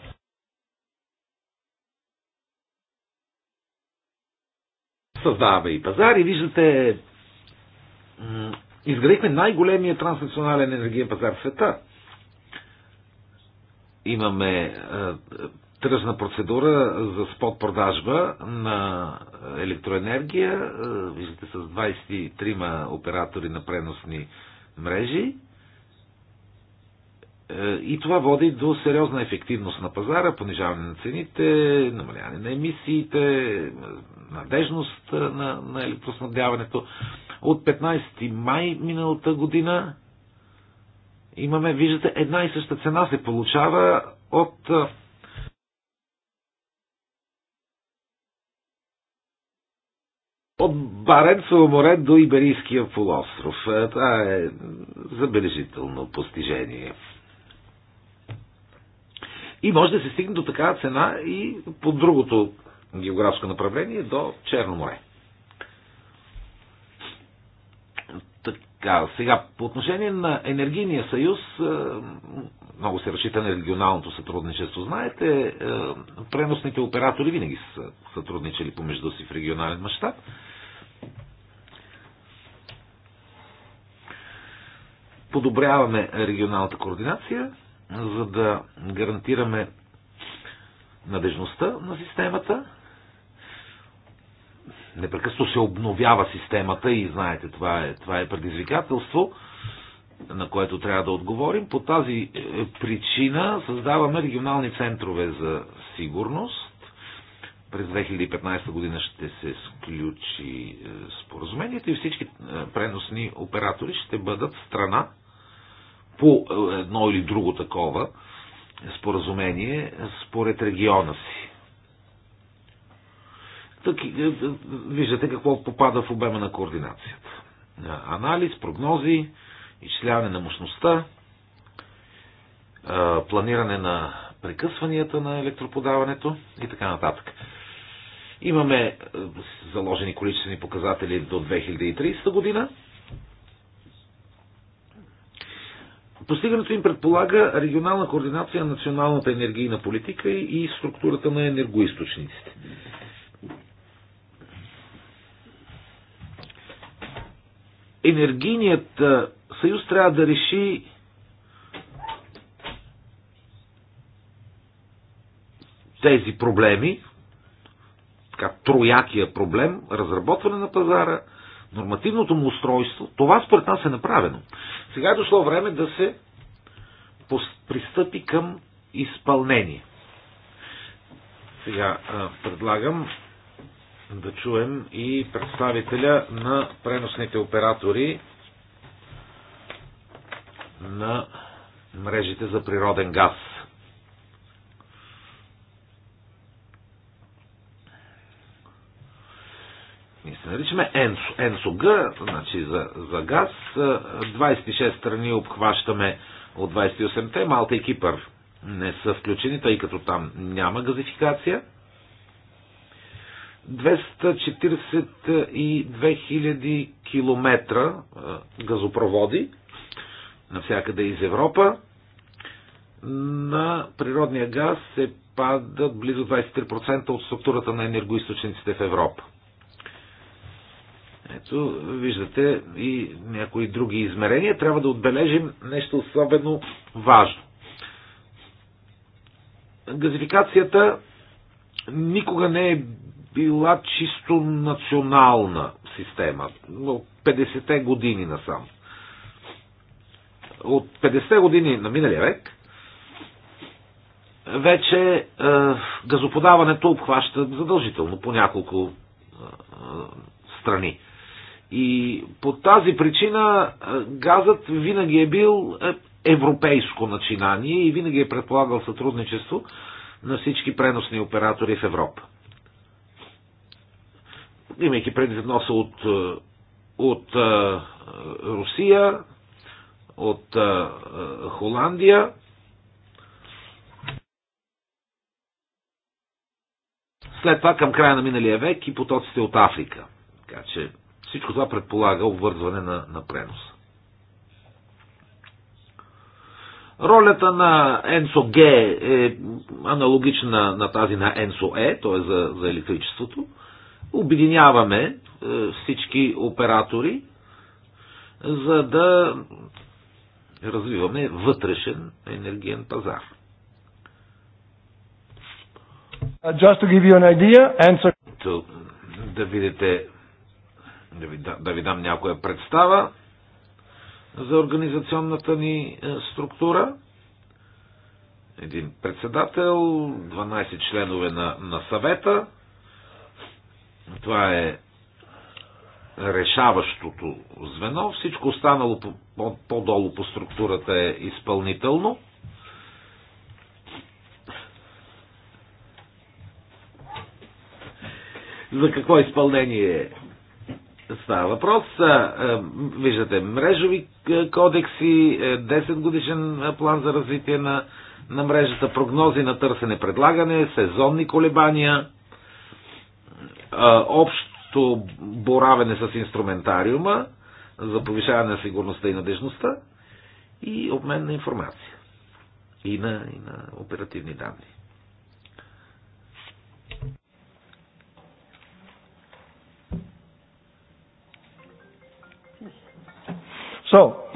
A: създаваме и пазари. Виждате, изградихме най-големия транснационален енергиен пазар в света. Имаме е, тръжна процедура за спот продажба на електроенергия, е, виждате с 23 оператори на преносни мрежи е, и това води до сериозна ефективност на пазара, понижаване на цените, намаляване на емисиите, надежност е, на, на електроснабдяването. От 15 май миналата година имаме, виждате, една и съща цена се получава от е, от Баренцево море до Иберийския полуостров. Това е забележително постижение. И може да се стигне до такава цена и по другото географско направление до Черно море. Така, сега, по отношение на енергийния съюз, е, много се разчита на регионалното сътрудничество. Знаете, е, преносните оператори винаги са сътрудничали помежду си в регионален мащаб. Подобряваме регионалната координация за да гарантираме надежността на системата. Непрекъсно се обновява системата и знаете, това е, това е предизвикателство, на което трябва да отговорим. По тази е, причина създаваме регионални центрове за сигурност. През 2015 година ще се сключи е, споразумението и всички е, преносни оператори ще бъдат страна по е, едно или друго такова споразумение според региона си. Так, е, е, виждате какво попада в обема на координацията. Анализ, прогнози, изчисляване на мощността, планиране на прекъсванията на електроподаването и така нататък. Имаме заложени количествени показатели до 2030 година Постигането им предполага регионална координация на националната енергийна политика и структурата на енергоисточниците. Енергийният съюз трябва да реши тези проблеми, така троякия проблем, разработване на пазара, нормативното му устройство, това според нас е направено. Сега е дошло време да се пристъпи към изпълнение. Сега предлагам да чуем и представителя на преносните оператори на мрежите за природен газ. наричаме ЕНСОГ, значи за, за газ. 26 страни обхващаме от 28-те. Малта и Кипър не са включени, тъй като там няма газификация. 242 000 километра газопроводи навсякъде из Европа. На природния газ се падат близо 23% от структурата на енергоисточниците в Европа. Ето, виждате и някои други измерения. Трябва да отбележим нещо особено важно. Газификацията никога не е била чисто национална система. От 50-те години насам. От 50-те години на миналия век вече е, газоподаването обхваща задължително по няколко е, е страни. И по тази причина газът винаги е бил европейско начинание и винаги е предполагал сътрудничество на всички преносни оператори в Европа. Имайки преди вноса от, от Русия, от Холандия, след това към края на миналия век и потоците от Африка. Така че всичко това предполага обвързване на, на преноса. Ролята на Енсо Г е аналогична на тази на Енсо Е, т.е. За, за електричеството. Обединяваме е, всички оператори, за да развиваме вътрешен енергиен пазар.
B: Uh, just to give you an idea, answer...
A: To, да видите да ви, да ви дам някоя представа за организационната ни е, структура. Един председател, 12 членове на, на съвета. Това е решаващото звено. Всичко останало по-долу по, по, по структурата е изпълнително. За какво изпълнение става въпрос. Виждате мрежови кодекси, 10 е, годишен план за развитие на, на мрежата, прогнози на търсене-предлагане, сезонни колебания, общо боравене с инструментариума за повишаване на сигурността и надежността и обмен на информация и на, и на оперативни данни.
B: So,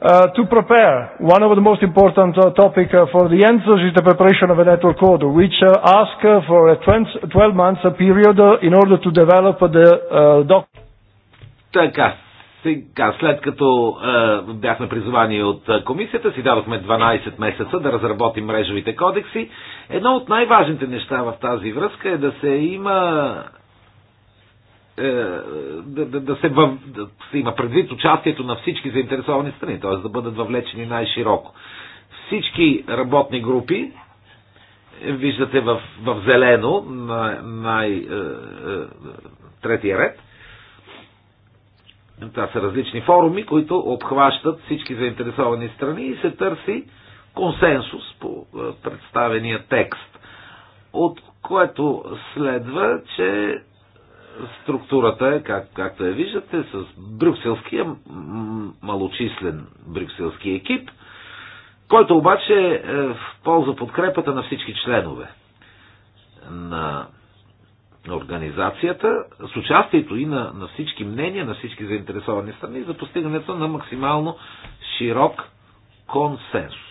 B: uh, to prepare, one of the most important uh, topics uh, for the answers is the preparation of a network code, which uh, asks uh, for a 12 months uh, period uh, in order to develop the uh, doc.
A: Така, сега, след като е, бяхме призвани от комисията, си дадохме 12 месеца да разработим мрежовите кодекси. Едно от най-важните неща в тази връзка е да се има е, да, да, да, се във, да се има предвид участието на всички заинтересовани страни, т.е. да бъдат въвлечени най-широко. Всички работни групи, е, виждате в, в зелено, на най-третия е, е ред, това са различни форуми, които обхващат всички заинтересовани страни и се търси консенсус по представения текст. От което следва, че структурата е, как, както я виждате, с брюкселския, малочислен брюкселски екип, който обаче е в полза подкрепата на всички членове на организацията, с участието и на, на всички мнения, на всички заинтересовани страни, за постигането на максимално широк консенсус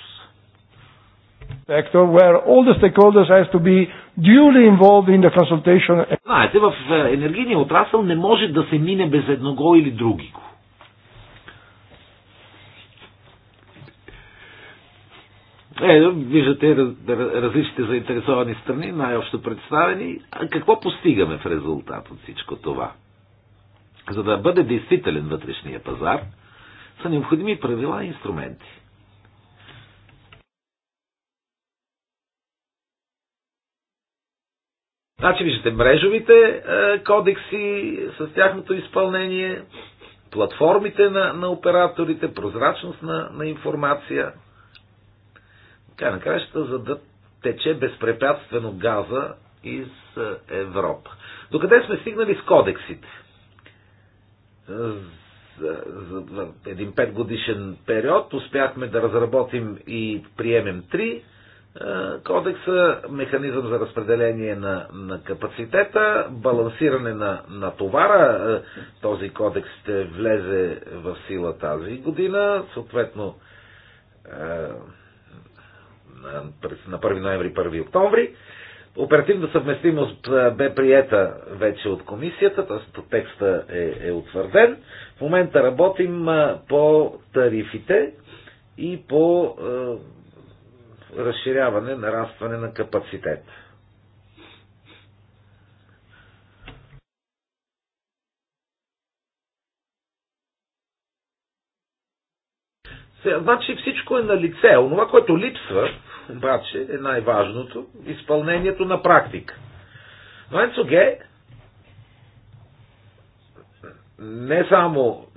B: sector where all the stakeholders has to be duly involved in the consultation.
A: Знаете, в е, енергийния отрасъл не може да се мине без едного или другиго. Е, виждате различните заинтересовани страни, най-общо представени. А какво постигаме в резултат от всичко това? За да бъде действителен вътрешния пазар, са необходими правила и инструменти. Значи виждате мрежовите е, кодекси с тяхното изпълнение, платформите на, на операторите, прозрачност на, на информация. Така накрая ще за да тече безпрепятствено газа из е, Европа. Докъде сме стигнали с кодексите? За, за един петгодишен период успяхме да разработим и приемем три е, кодекса, механизъм за разпределение на, на капацитета, балансиране на, на товара. Е, този кодекс ще влезе в сила тази година, съответно е, на 1 ноември, 1 октомври. Оперативна съвместимост бе приета вече от комисията, т.е. текста е, е утвърден. В момента работим по тарифите и по разширяване, нарастване на капацитет. Значи всичко е на лице. Онова, което липсва, обаче, е най-важното изпълнението на практика. Но Енцоге не само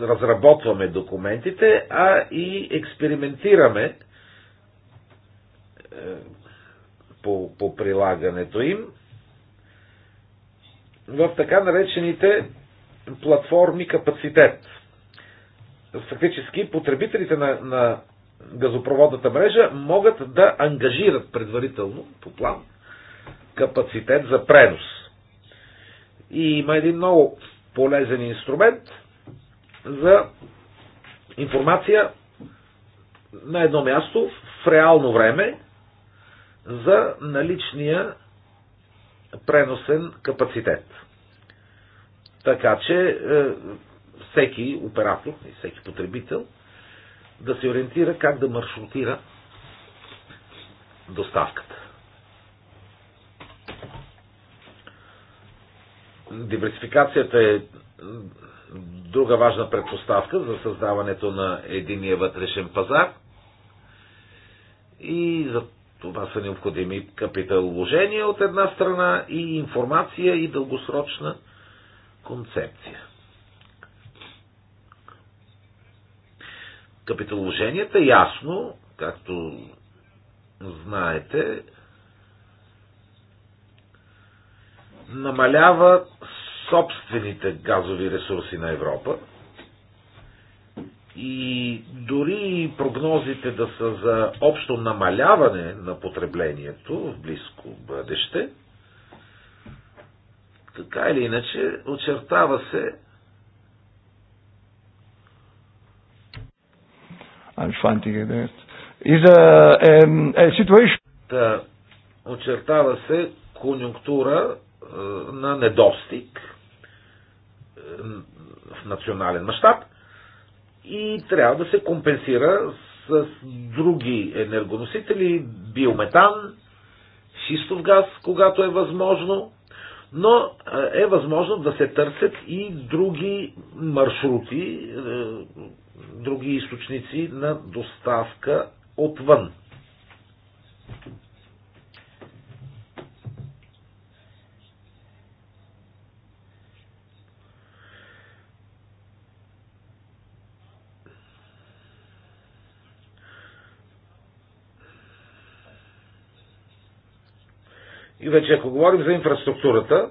A: разработваме документите, а и експериментираме е, по, по прилагането им в така наречените платформи капацитет. Фактически потребителите на, на газопроводната мрежа могат да ангажират предварително по план капацитет за пренос. И има един много полезен инструмент за информация на едно място в реално време за наличния преносен капацитет. Така че е, всеки оператор и всеки потребител да се ориентира как да маршрутира доставката. Диверсификацията е друга важна предпоставка за създаването на единия вътрешен пазар и за това са необходими капиталовложения от една страна и информация и дългосрочна концепция. Капиталовложенията ясно, както знаете, намалява собствените газови ресурси на Европа, и дори прогнозите да са за общо намаляване на потреблението в близко бъдеще, така или иначе очертава се
B: I'm to Is a, a, um, a situation...
A: Та, очертава се конюнктура е, на недостиг е, в национален мащаб и трябва да се компенсира с други енергоносители, биометан, шистов газ, когато е възможно, но е, е възможно да се търсят и други маршрути, е, други източници на доставка отвън. И вече ако говорим за инфраструктурата,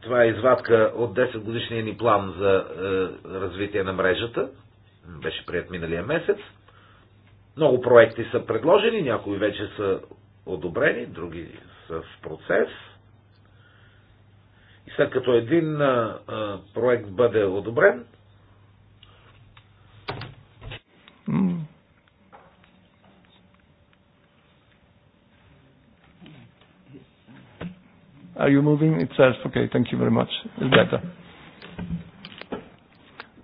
A: това е извадка от 10 годишния ни план за е, развитие на мрежата, беше прият миналия месец. Много проекти са предложени, някои вече са одобрени, други са в процес. И след като един а, е, е, проект бъде одобрен,
B: Are you moving itself? Okay, thank you very much. It's better.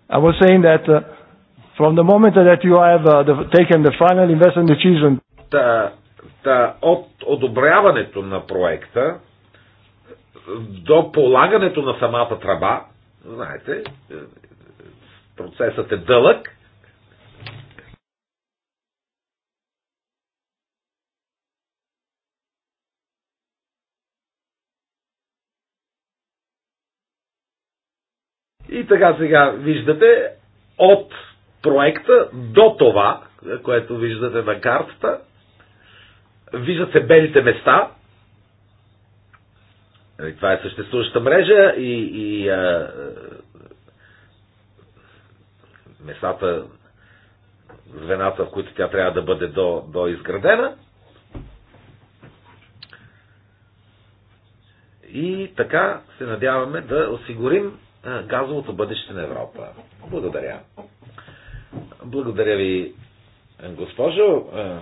B: I was saying that uh, from the moment that you have uh, the, taken the final investment decision.
A: the, та, от одобряването на проекта до полагането на самата тръба, знаете, процесът е дълъг, Така сега виждате от проекта до това, което виждате на картата, виждат се белите места. Нали, това е съществуваща мрежа и, и а, местата, звената, в които тя трябва да бъде до, до изградена. И така се надяваме да осигурим е, газовото бъдеще на Европа. Благодаря. Благодаря ви, госпожо, е, е,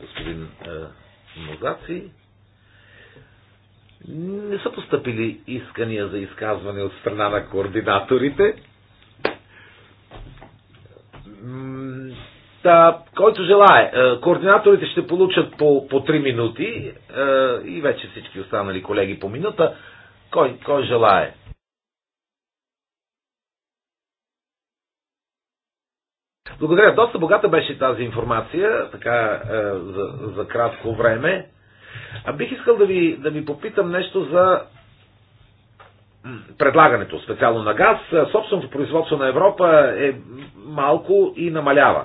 A: господин Мозаци. Не са поступили искания за изказване от страна на координаторите. Та, който желае, координаторите ще получат по, по 3 минути и вече всички останали колеги по минута. Кой, кой желае? Благодаря. Доста богата беше тази информация, така е, за, за кратко време. А бих искал да ви, да ви попитам нещо за предлагането, специално на газ. Собственото производство на Европа е малко и намалява.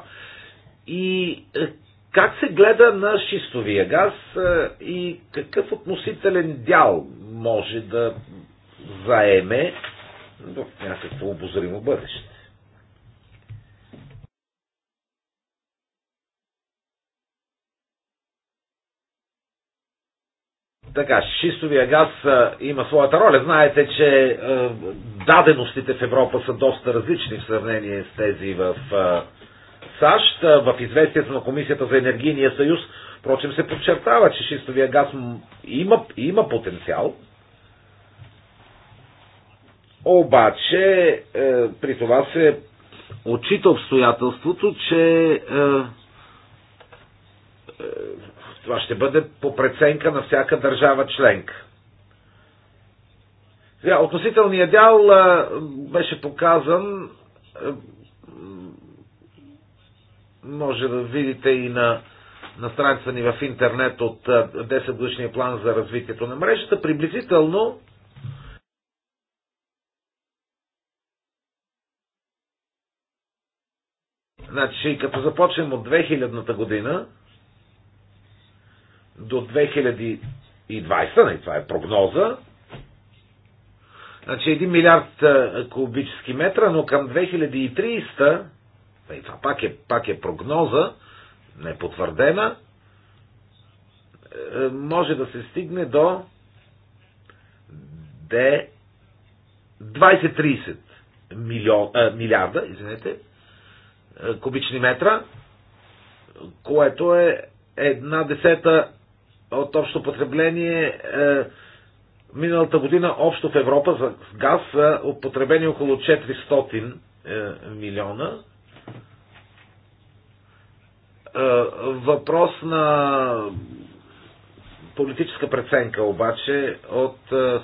A: И е, как се гледа на шистовия газ е, и какъв относителен дял може да заеме в някакво обозримо бъдеще? Така, шистовия газ а, има своята роля. Знаете, че а, даденостите в Европа са доста различни в сравнение с тези в а, САЩ. А, в известието на Комисията за енергийния съюз, впрочем, се подчертава, че шистовия газ има, има потенциал. Обаче, а, е, при това се отчита обстоятелството, че А, е, е, това ще бъде по преценка на всяка държава членка. Сега, относителният дял а, беше показан. А, може да видите и на, на страница ни в интернет от 10 годишния план за развитието на мрежата. Приблизително Значи, като започнем от 2000-та година, до 2020, нали, това е прогноза, значи 1 милиард кубически метра, но към 2300, нали, това пак е, пак е прогноза, не е потвърдена, може да се стигне до Д 20-30 милион, а, милиарда, извинете, кубични метра, което е една десета от общо потребление е, миналата година общо в Европа за газ са употребени около 400 е, милиона. Е, въпрос на политическа преценка обаче от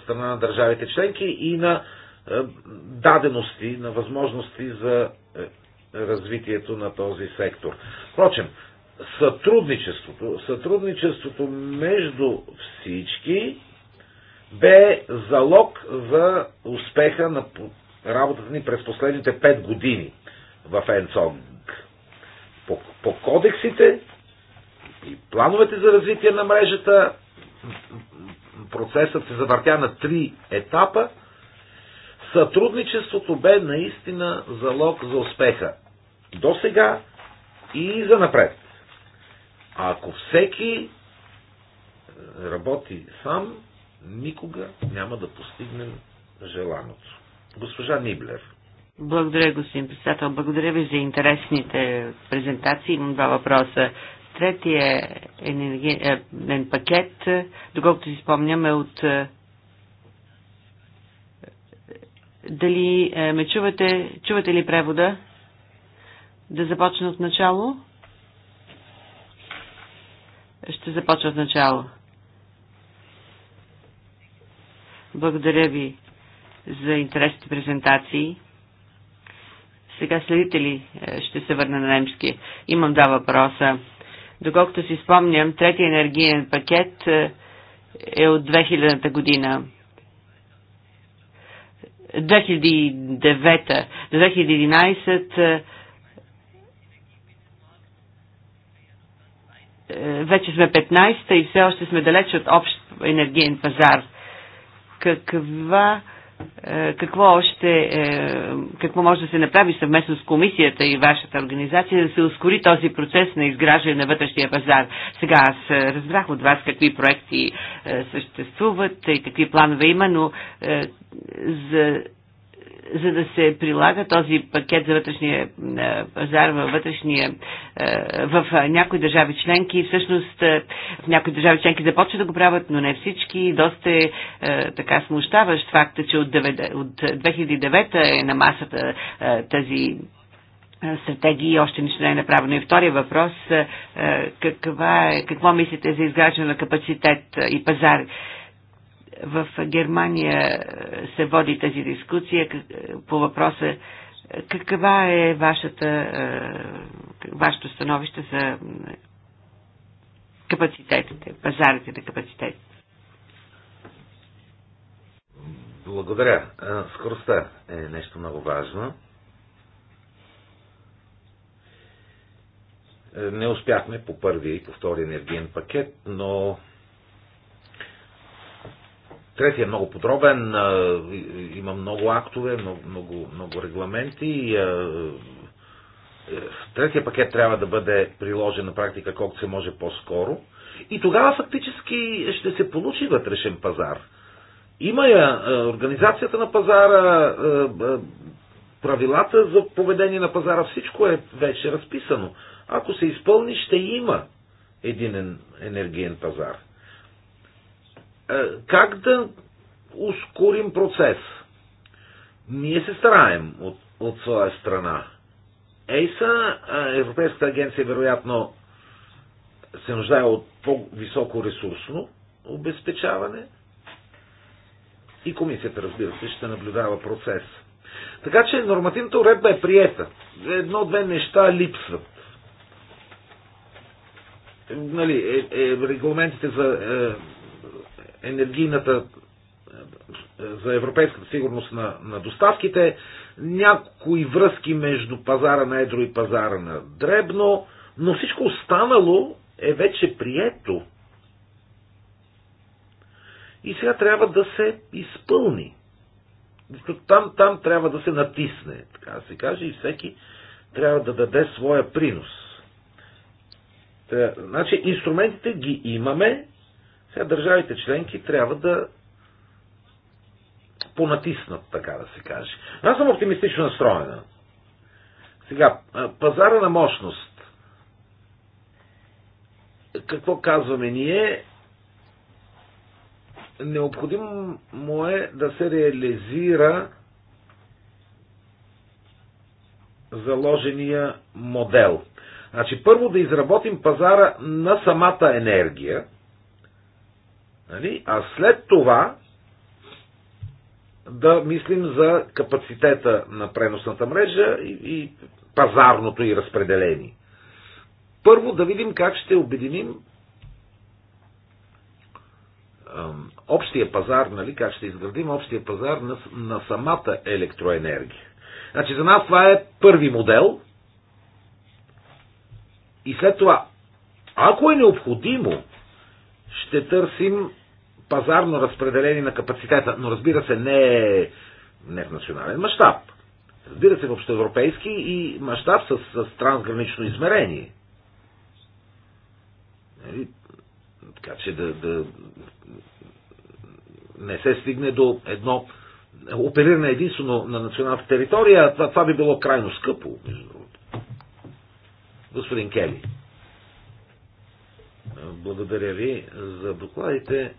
A: страна на държавите членки и на дадености, на възможности за развитието на този сектор. Впрочем, сътрудничеството. Сътрудничеството между всички бе залог за успеха на работата ни през последните 5 години в ЕНЦОНГ. По, по кодексите и плановете за развитие на мрежата процесът се завъртя на три етапа. Сътрудничеството бе наистина залог за успеха. До сега и за напред. А ако всеки е, работи сам, никога няма да постигнем желаното. Госпожа Ниблер.
D: Благодаря, господин председател. Благодаря ви за интересните презентации. Имам два въпроса. Третия енергиен е, пакет, доколкото си спомням, е от... Е, дали ме чувате? Чувате ли превода? Да започна от начало? Ще започва от начало. Благодаря ви за интересните презентации. Сега следите ли е, ще се върна на немски? Имам два въпроса. Доколкото си спомням, третия енергиен пакет е, е от 2000-та година. 2009 2011 вече сме 15-та и все още сме далеч от общ енергиен пазар. Каква, е, какво още, е, какво може да се направи съвместно с комисията и вашата организация да се ускори този процес на изграждане на вътрешния пазар? Сега аз е, разбрах от вас какви проекти съществуват и какви планове има, но за за да се прилага този пакет за вътрешния е, пазар във вътрешния е, в е, някои държави членки. Всъщност в някои държави членки започват да го правят, но не всички. Доста е така смущаващ факта, че от 2009 е на масата тази стратегии още нищо не е направено. И втория въпрос, каква е, какво мислите за изграждане на капацитет и пазар в Германия е, се води тази дискусия е, по въпроса е, каква е вашата, вашето становище за капацитетите, пазарите на капацитетите?
A: Благодаря. Скоростта е нещо много важно. Не успяхме по първи и по втори енергиен пакет, но Третия е много подробен, има много актове, много, много, много регламенти. Е, третия пакет трябва да бъде приложен на практика колкото се може по-скоро. И тогава фактически ще се получи вътрешен пазар. Има я е, е, организацията на пазара, правилата за поведение на пазара, всичко е вече разписано. Ако се изпълни, ще има един енергиен пазар. Е, как да ускорим процес? Ние се стараем от, от своя страна. ЕЙСА, е, Европейската агенция, вероятно се нуждае от по-високо ресурсно обезпечаване и комисията, разбира се, ще наблюдава процес. Така че нормативната уредба е приета. Едно-две неща липсват. Нали, е, е, регламентите за е, енергийната е, за европейската сигурност на, на доставките, някои връзки между пазара на едро и пазара на дребно, но всичко останало е вече прието. И сега трябва да се изпълни. Там, там трябва да се натисне, така се каже, и всеки трябва да даде своя принос. значи, инструментите ги имаме, сега държавите членки трябва да понатиснат, така да се каже. Аз съм оптимистично настроена. Сега, пазара на мощност. Какво казваме ние? Необходимо му е да се реализира заложения модел. Значи първо да изработим пазара на самата енергия, Нали? А след това да мислим за капацитета на преносната мрежа и, и пазарното и разпределение. Първо да видим как ще обединим общия пазар, нали, как ще изградим общия пазар на, на самата електроенергия. Значи за нас това е първи модел. И след това, ако е необходимо ще търсим пазарно разпределение на капацитета, но разбира се, не, е, не в национален мащаб. Разбира се, в общоевропейски и мащаб с, с трансгранично измерение. Нали? Така че да, да не се стигне до едно опериране единствено на националната територия, това, това би било крайно скъпо, между другото. Господин Кели. Благодаря ви за докладите.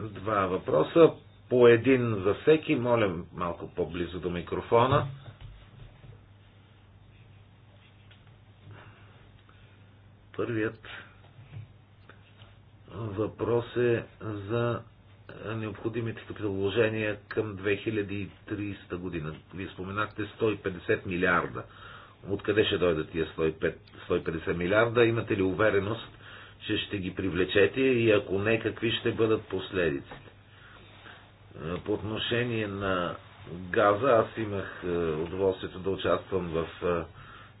A: Два въпроса. По един за всеки. Моля малко по-близо до микрофона. Първият въпрос е за необходимите капиталовложения към 2030 година. Вие споменахте 150 милиарда. Откъде ще дойдат тия 105, 150 милиарда? Имате ли увереност, че ще ги привлечете и ако не, какви ще бъдат последиците? По отношение на газа, аз имах удоволствието да участвам в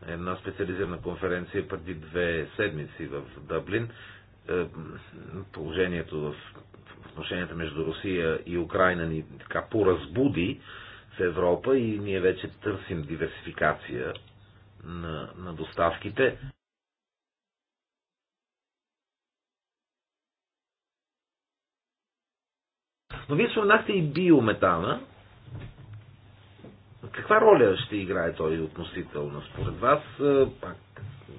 A: една специализирана конференция преди две седмици в Дъблин. Положението в отношенията между Русия и Украина ни така поразбуди в Европа и ние вече търсим диверсификация на, на доставките. Но вие споменахте и биометана. Каква роля ще играе той относително според вас? Е, пак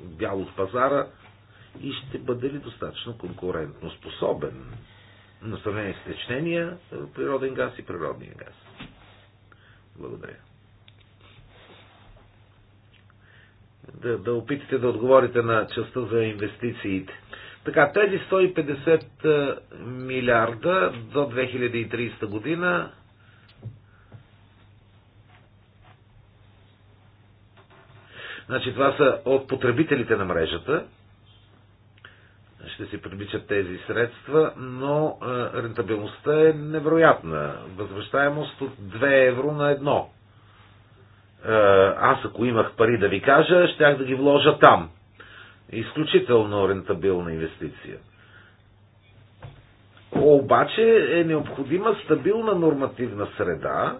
A: бял от пазара и ще бъде ли достатъчно конкурентно способен на сравнение с течнения е, природен газ и природния газ? Благодаря. да, да опитате да отговорите на частта за инвестициите. Така, тези 150 е, милиарда до 2030 година Значи това са от потребителите на мрежата. Ще си привличат тези средства, но е, рентабилността е невероятна. Възвръщаемост от 2 евро на едно. Е, аз ако имах пари да ви кажа, щях да ги вложа там. Изключително рентабилна инвестиция. Обаче е необходима стабилна нормативна среда,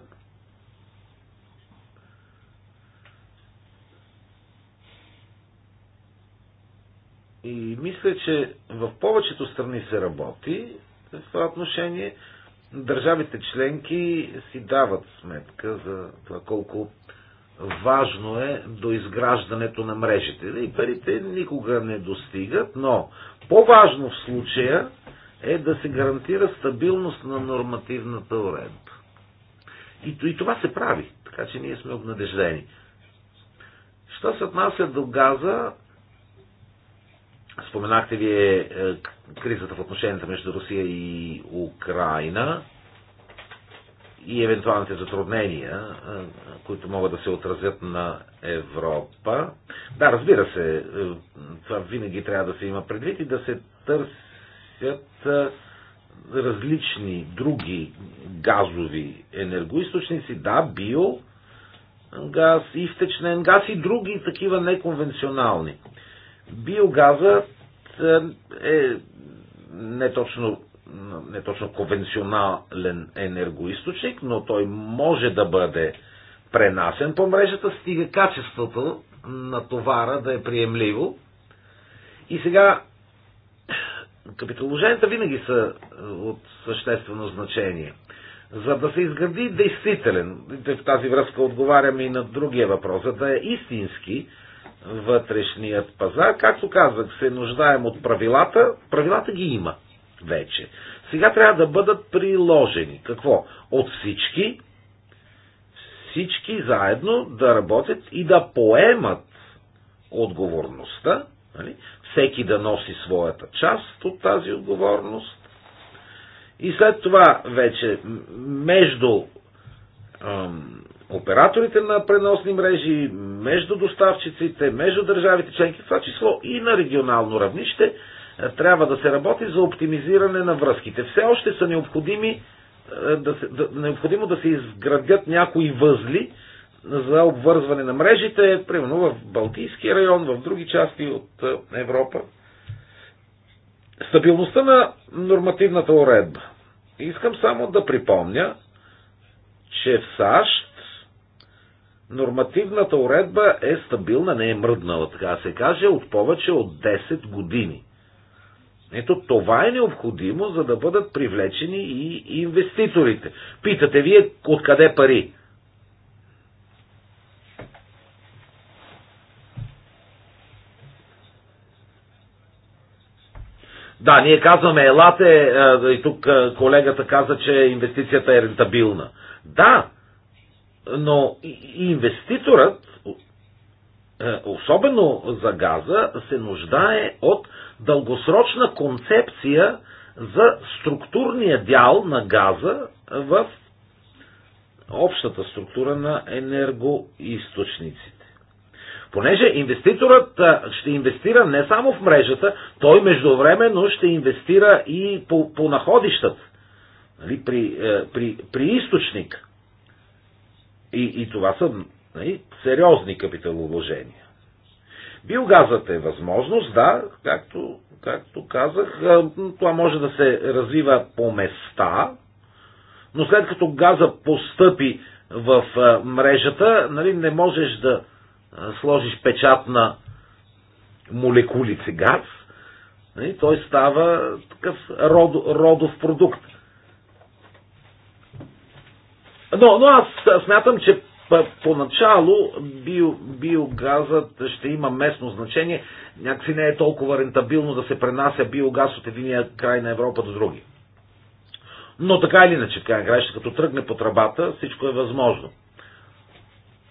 A: И мисля, че в повечето страни се работи в това отношение. Държавите членки си дават сметка за това колко важно е до изграждането на мрежите. И парите никога не достигат, но по-важно в случая е да се гарантира стабилност на нормативната уредба. И, и това се прави, така че ние сме обнадеждени. Що се отнася до газа, споменахте вие е, кризата в отношенията между Русия и Украина и евентуалните затруднения, които могат да се отразят на Европа. Да, разбира се, е, това винаги трябва да се има предвид и да се търсят различни други газови енергоисточници, да, био, газ и втечнен газ и други такива неконвенционални. Биогазът е, е не точно не точно конвенционален енергоисточник, но той може да бъде пренасен по мрежата, стига качеството на товара да е приемливо. И сега капиталоженията винаги са е, от съществено значение. За да се изгради действителен, в тази връзка отговарям и на другия въпрос, за да е истински вътрешният пазар, както казах, се нуждаем от правилата, правилата ги има – вече. Сега трябва да бъдат приложени. Какво? От всички, всички заедно да работят и да поемат отговорността, нали? всеки да носи своята част от тази отговорност. И след това вече между ам, операторите на преносни мрежи, между доставчиците, между държавите членки, това число и на регионално равнище, трябва да се работи за оптимизиране на връзките. Все още са необходими е, да се, да, необходимо да се изградят някои възли за обвързване на мрежите, примерно в Балтийския район, в други части от е, Европа. Стабилността на нормативната уредба. Искам само да припомня, че в САЩ нормативната уредба е стабилна, не е мръднала, така се каже, от повече от 10 години. Ето това е необходимо, за да бъдат привлечени и инвеститорите. Питате вие откъде пари? Да, ние казваме, елате, и тук колегата каза, че инвестицията е рентабилна. Да, но инвеститорът, е, особено за газа, се нуждае от дългосрочна концепция за структурния дял на газа в общата структура на енергоисточниците. Понеже инвеститорът ще инвестира не само в мрежата, той междувременно ще инвестира и по, по находищата, нали, при, е, при, при източник. И, и това са нали, сериозни капиталовложения. Биогазът е възможност, да, както, както казах, това може да се развива по места, но след като газа постъпи в мрежата, нали, не можеш да сложиш печат на молекулите газ, нали, той става такъв род, родов продукт. Но, но аз смятам, че Поначало био, биогазът ще има местно значение. Някакси не е толкова рентабилно да се пренася биогаз от единия край на Европа до други. Но така или иначе, така като тръгне по тръбата, всичко е възможно.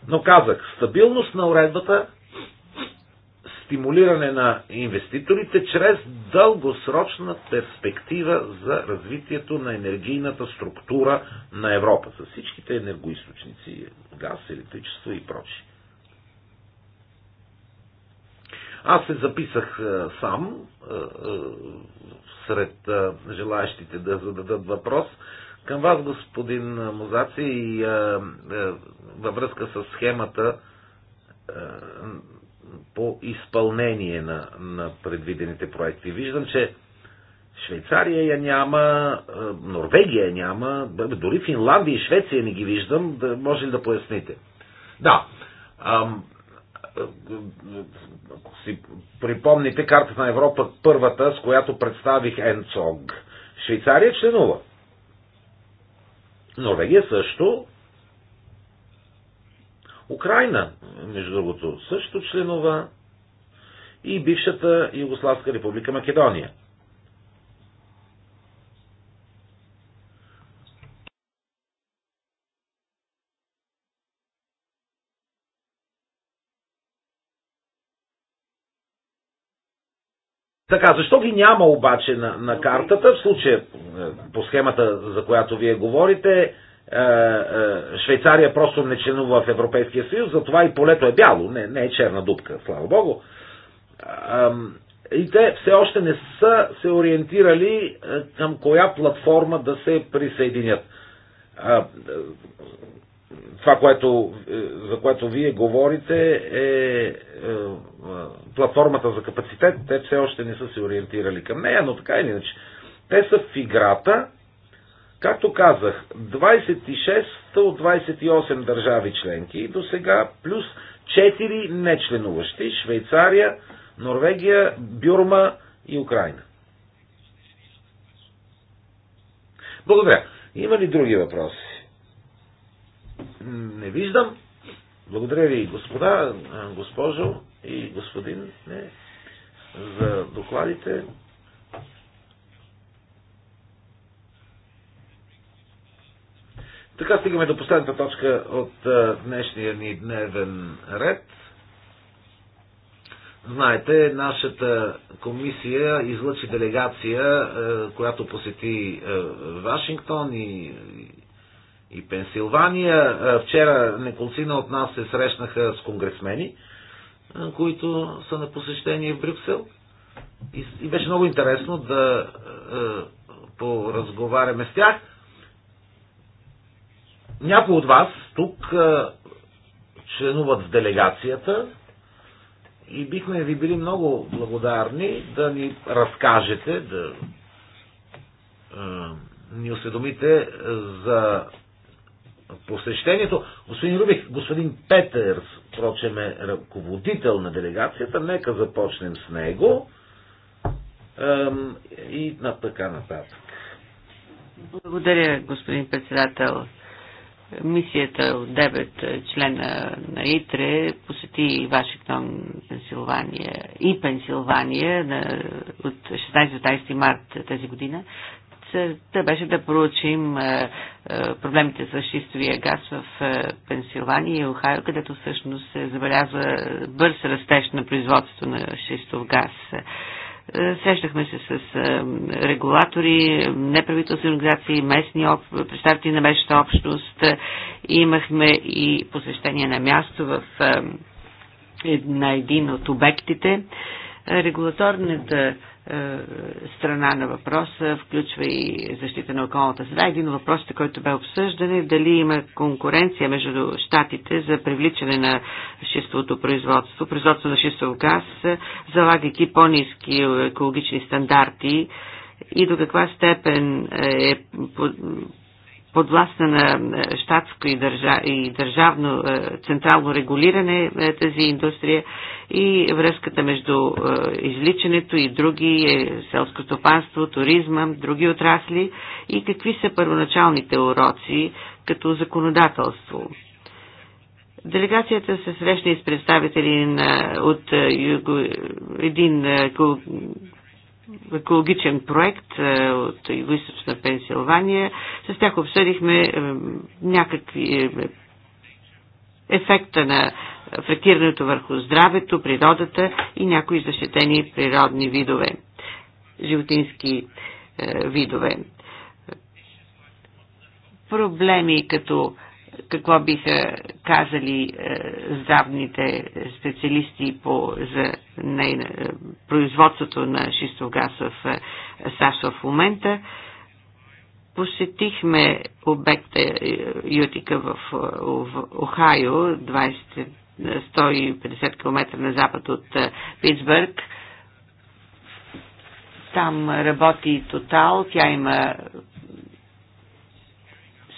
A: Но казах, стабилност на уредбата стимулиране на инвеститорите чрез дългосрочна перспектива за развитието на енергийната структура на Европа с всичките енергоисточници, газ, електричество и прочи. Аз се записах е, сам е, е, сред желаящите да зададат въпрос към вас, господин Мозаци, и във връзка с схемата по изпълнение на, на предвидените проекти. Виждам, че Швейцария я няма, е, Норвегия я няма, дори Финландия и Швеция не ги виждам. Да, може ли да поясните? Да. Ам, си припомните картата на Европа, първата, с която представих ЕНЦОГ. Швейцария членува. Норвегия също, Украина, между другото, също членува и бившата Югославска република Македония. Така, защо ги няма обаче на, на картата? В случая е, по схемата, за която вие говорите, е, е, Швейцария просто не членува в Европейския съюз, затова и полето е бяло, не, не е черна дупка, слава богу. И те все още не са се ориентирали е, към коя платформа да се присъединят. Това, което, за което вие говорите, е платформата за капацитет. Те все още не са се ориентирали към нея, но така или иначе. Те са в играта, Както казах, 26 от 28 държави членки и до сега плюс 4 нечленуващи Швейцария, Норвегия, Бюрма и Украина. Благодаря. Има ли други въпроси? Не виждам. Благодаря ви, господа, госпожо и господин, не, за докладите. Така стигаме до последната точка от днешния ни дневен ред. Знаете, нашата комисия излъчи делегация, която посети Вашингтон и, и Пенсилвания. Вчера неколцина от нас се срещнаха с конгресмени, които са на посещение в Брюксел. И, и беше много интересно да поразговаряме с тях. Някои от вас тук е, членуват в делегацията и бихме ви били много благодарни да ни разкажете, да е, ни осведомите за посещението. Господин Рубих, господин Петърс, впрочем е ръководител на делегацията, нека започнем с него и на така нататък.
D: Благодаря, господин председател. Мисията от 9 е, члена на ИТРЕ посети Вашингтон, Пенсилвания и Пенсилвания на, от 16-20 март тази година. Та беше да проучим е, е, проблемите с шистовия газ в Пенсилвания и Охайо, където всъщност се забелязва бърз растеж на производство на шистов газ. Е, срещахме се с е, регулатори, неправителствени организации, местни представители на местната общност. Имахме и посещение на място в, е, на един от обектите. Регулаторната е, страна на въпроса, включва и защита на околната среда. Един от въпросите, който бе обсъждан е дали има конкуренция между щатите за привличане на шистовото производство, производство на шистов газ, е, залагайки по-низки екологични стандарти и до каква степен е подвластна на е, щатско и, държа, и държавно е, централно регулиране е, тази индустрия и връзката между изличането и други, селско стопанство, туризма, други отрасли и какви са първоначалните уроци като законодателство. Делегацията се срещна и с представители на, от юго, един екологичен проект е, от Юго-Источна Пенсилвания. С тях обсъдихме е, някакви е, ефекта на фрактирането върху здравето, природата и някои защитени природни видове, животински видове. Проблеми като какво биха казали е, здравните специалисти по, за не, е, производството на шистов газ в е, САЩ в момента. Посетихме обекта Ютика в, в Охайо, 20, 150 км на запад от Питсбърг. Там работи Тотал, тя има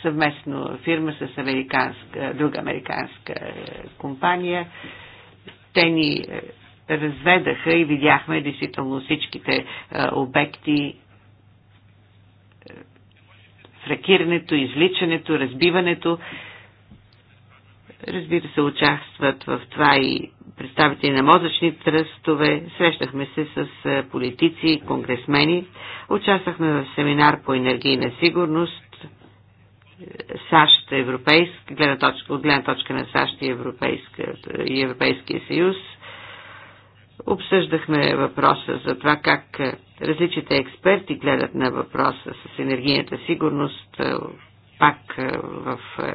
D: съвместно фирма с американска, друга американска компания. Те ни е, разведаха и видяхме действително всичките е, обекти, е, фракирането, изличането, разбиването. Разбира се, участват в това и представители на мозъчни тръстове. Срещахме се с политици, конгресмени. Участвахме в семинар по енергийна сигурност САЩ, европейска, гледна точка, от гледна точка на САЩ и, европейска, и Европейския съюз. Обсъждахме въпроса за това как различните експерти гледат на въпроса с енергийната сигурност, е, пак е, в е,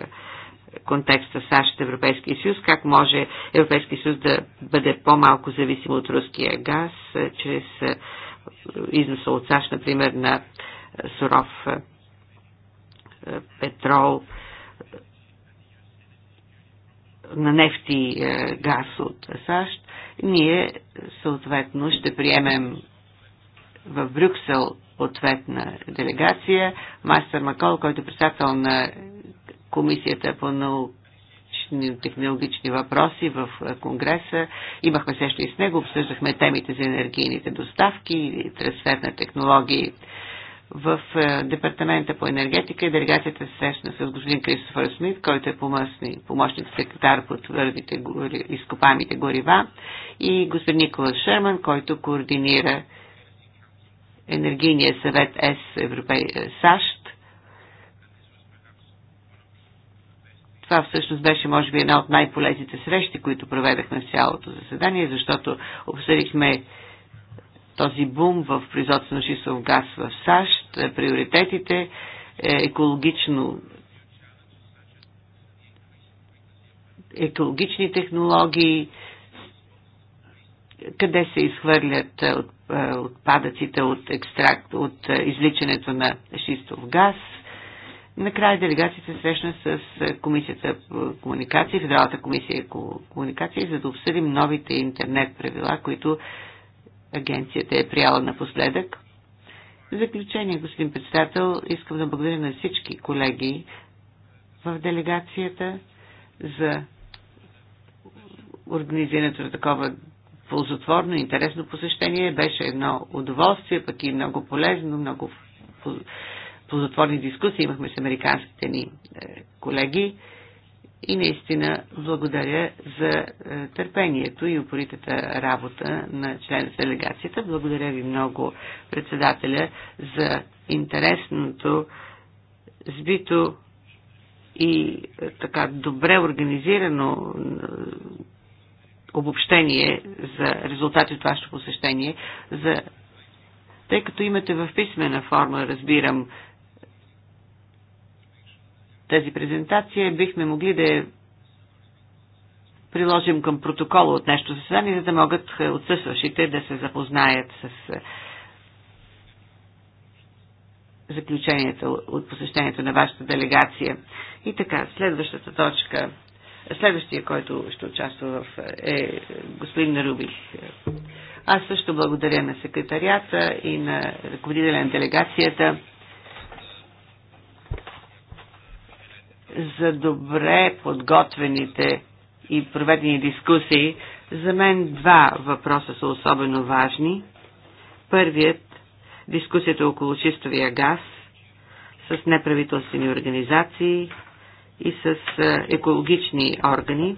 D: контекста САЩ, Европейския съюз, как може Европейския съюз да бъде по-малко зависим от руския газ, чрез износа от САЩ, например, на суров петрол, на нефти и е, газ от САЩ, ние съответно ще приемем в Брюксел ответна делегация. Мастер Макол, който е председател на Комисията по научни и технологични въпроси в е, Конгреса. Имахме среща и с него, обсъждахме темите за енергийните доставки и трансфер на технологии в е, Департамента по енергетика и делегацията се срещна с господин Кристофър Смит, който е помощник, секретар по твърдите гори, изкопамите горива и господин Никола Шерман, който координира Енергийния съвет С Европей, е, САЩ. Това всъщност беше, може би, една от най-полезните срещи, които проведахме в цялото заседание, защото обсъдихме този бум в производство на шистов газ в САЩ, е, приоритетите, е, екологично екологични технологии, къде се изхвърлят е, от, е, отпадъците от екстракт, от извличането на шистов газ. Накрая делегацията се срещна с Комисията по комуникации, Федералната комисия по комуникации, за да обсъдим новите интернет правила, които агенцията е прияла напоследък. В заключение, господин председател, искам да благодаря на всички колеги в делегацията за организирането на такова ползотворно, интересно посещение. Беше едно удоволствие, пък и много полезно, много ползотворни дискусии имахме с американските ни е, колеги и наистина благодаря за е, търпението и упоритата работа на член на делегацията. Благодаря ви много, председателя, за интересното, сбито и е, така добре организирано е, обобщение за резултати от вашето посещение, за... тъй като имате в писмена форма, разбирам, тази презентация, бихме могли да приложим към протокола от нещо заседание, за да могат е, отсъстващите да се запознаят с е, заключенията от посещението на вашата делегация. И така, следващата точка, следващия, който ще участва в, е господин Нарубих. Аз също благодаря на секретарията и на ръководителя на делегацията. за добре подготвените и проведени дискусии. За мен два въпроса са особено важни. Първият – дискусията около чистовия газ с неправителствени организации и с е, екологични органи,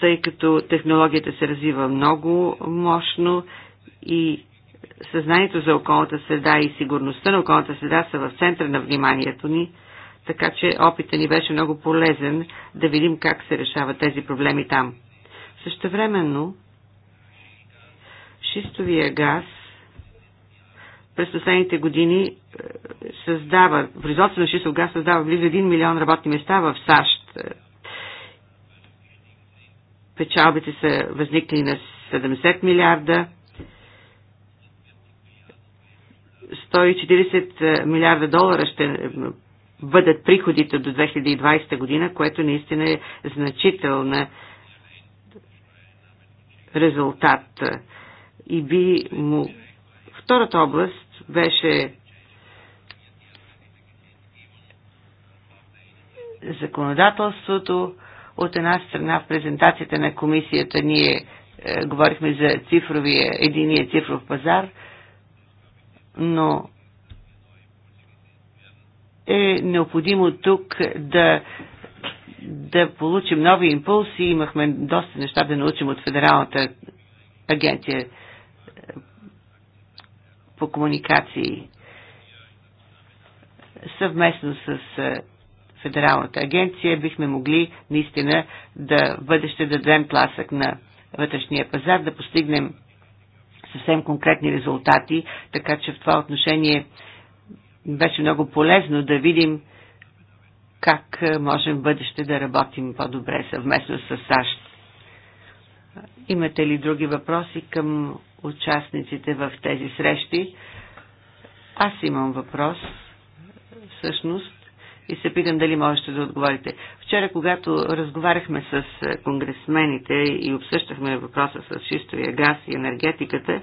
D: тъй като технологията се развива много мощно и съзнанието за околната среда и сигурността на околната среда са в центъра на вниманието ни, така че опита ни беше много полезен да видим как се решават тези проблеми там. Същевременно, шистовия газ през последните години е, създава, производство на шистов газ създава близо 1 милион работни места в САЩ. Е, печалбите са възникли на 70 милиарда 140 е, милиарда долара ще бъдат приходите до 2020 година, което наистина е значителна резултат. И би му... Втората област беше законодателството. От една страна в презентацията на комисията ние е, говорихме за цифровия, единия цифров пазар – но е необходимо тук да, да получим нови импулси. Имахме доста неща да научим от Федералната агенция е, по комуникации съвместно с е, Федералната агенция бихме могли наистина да в бъдеще да дадем тласък на вътрешния пазар, да постигнем съвсем конкретни резултати, така че в това отношение беше много полезно да видим как е, можем в бъдеще да работим по-добре съвместно с САЩ. Имате ли други въпроси към участниците в тези срещи? Аз имам въпрос, всъщност и се питам дали можете да отговорите. Вчера, когато разговаряхме с е, конгресмените и обсъщахме въпроса с чистовия газ и енергетиката,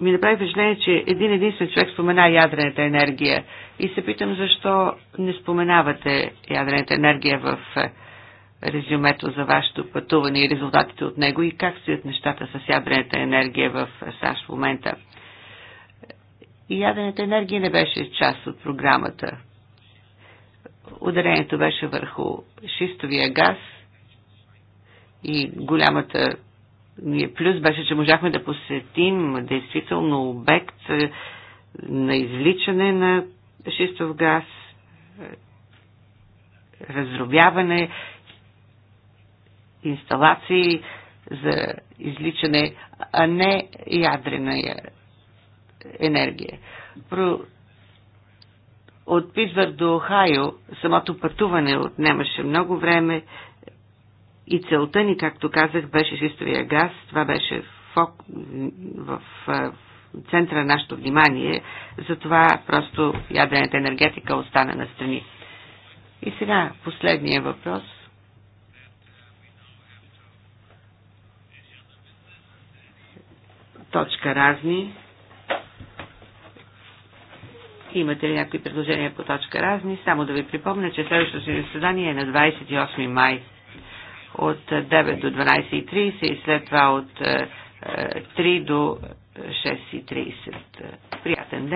D: ми направи впечатление, че един единствен човек спомена ядрената енергия. И се питам защо не споменавате ядрената енергия в е, резюмето за вашето пътуване и резултатите от него и как стоят нещата с ядрената енергия в е, САЩ в момента и ядената енергия не беше част от програмата. Ударението беше върху шистовия газ и голямата ни е плюс беше, че можахме да посетим действително обект е, на извличане на шистов газ, е, разробяване, инсталации за изличане, а не ядрена енергия. Про... От Питсбърг до Охайо самото пътуване отнемаше много време и целта ни, както казах, беше шистовия газ. Това беше фок... в, в центъра на нашето внимание. Затова просто ядрената енергетика остана на страни. И сега последния въпрос. Точка разни. Имате ли някои предложения по точка разни? Само да ви припомня, че следващото си заседание е на 28 май от 9 е, до 12.30
B: и след това от 3 е, е, до 6.30. Приятен ден!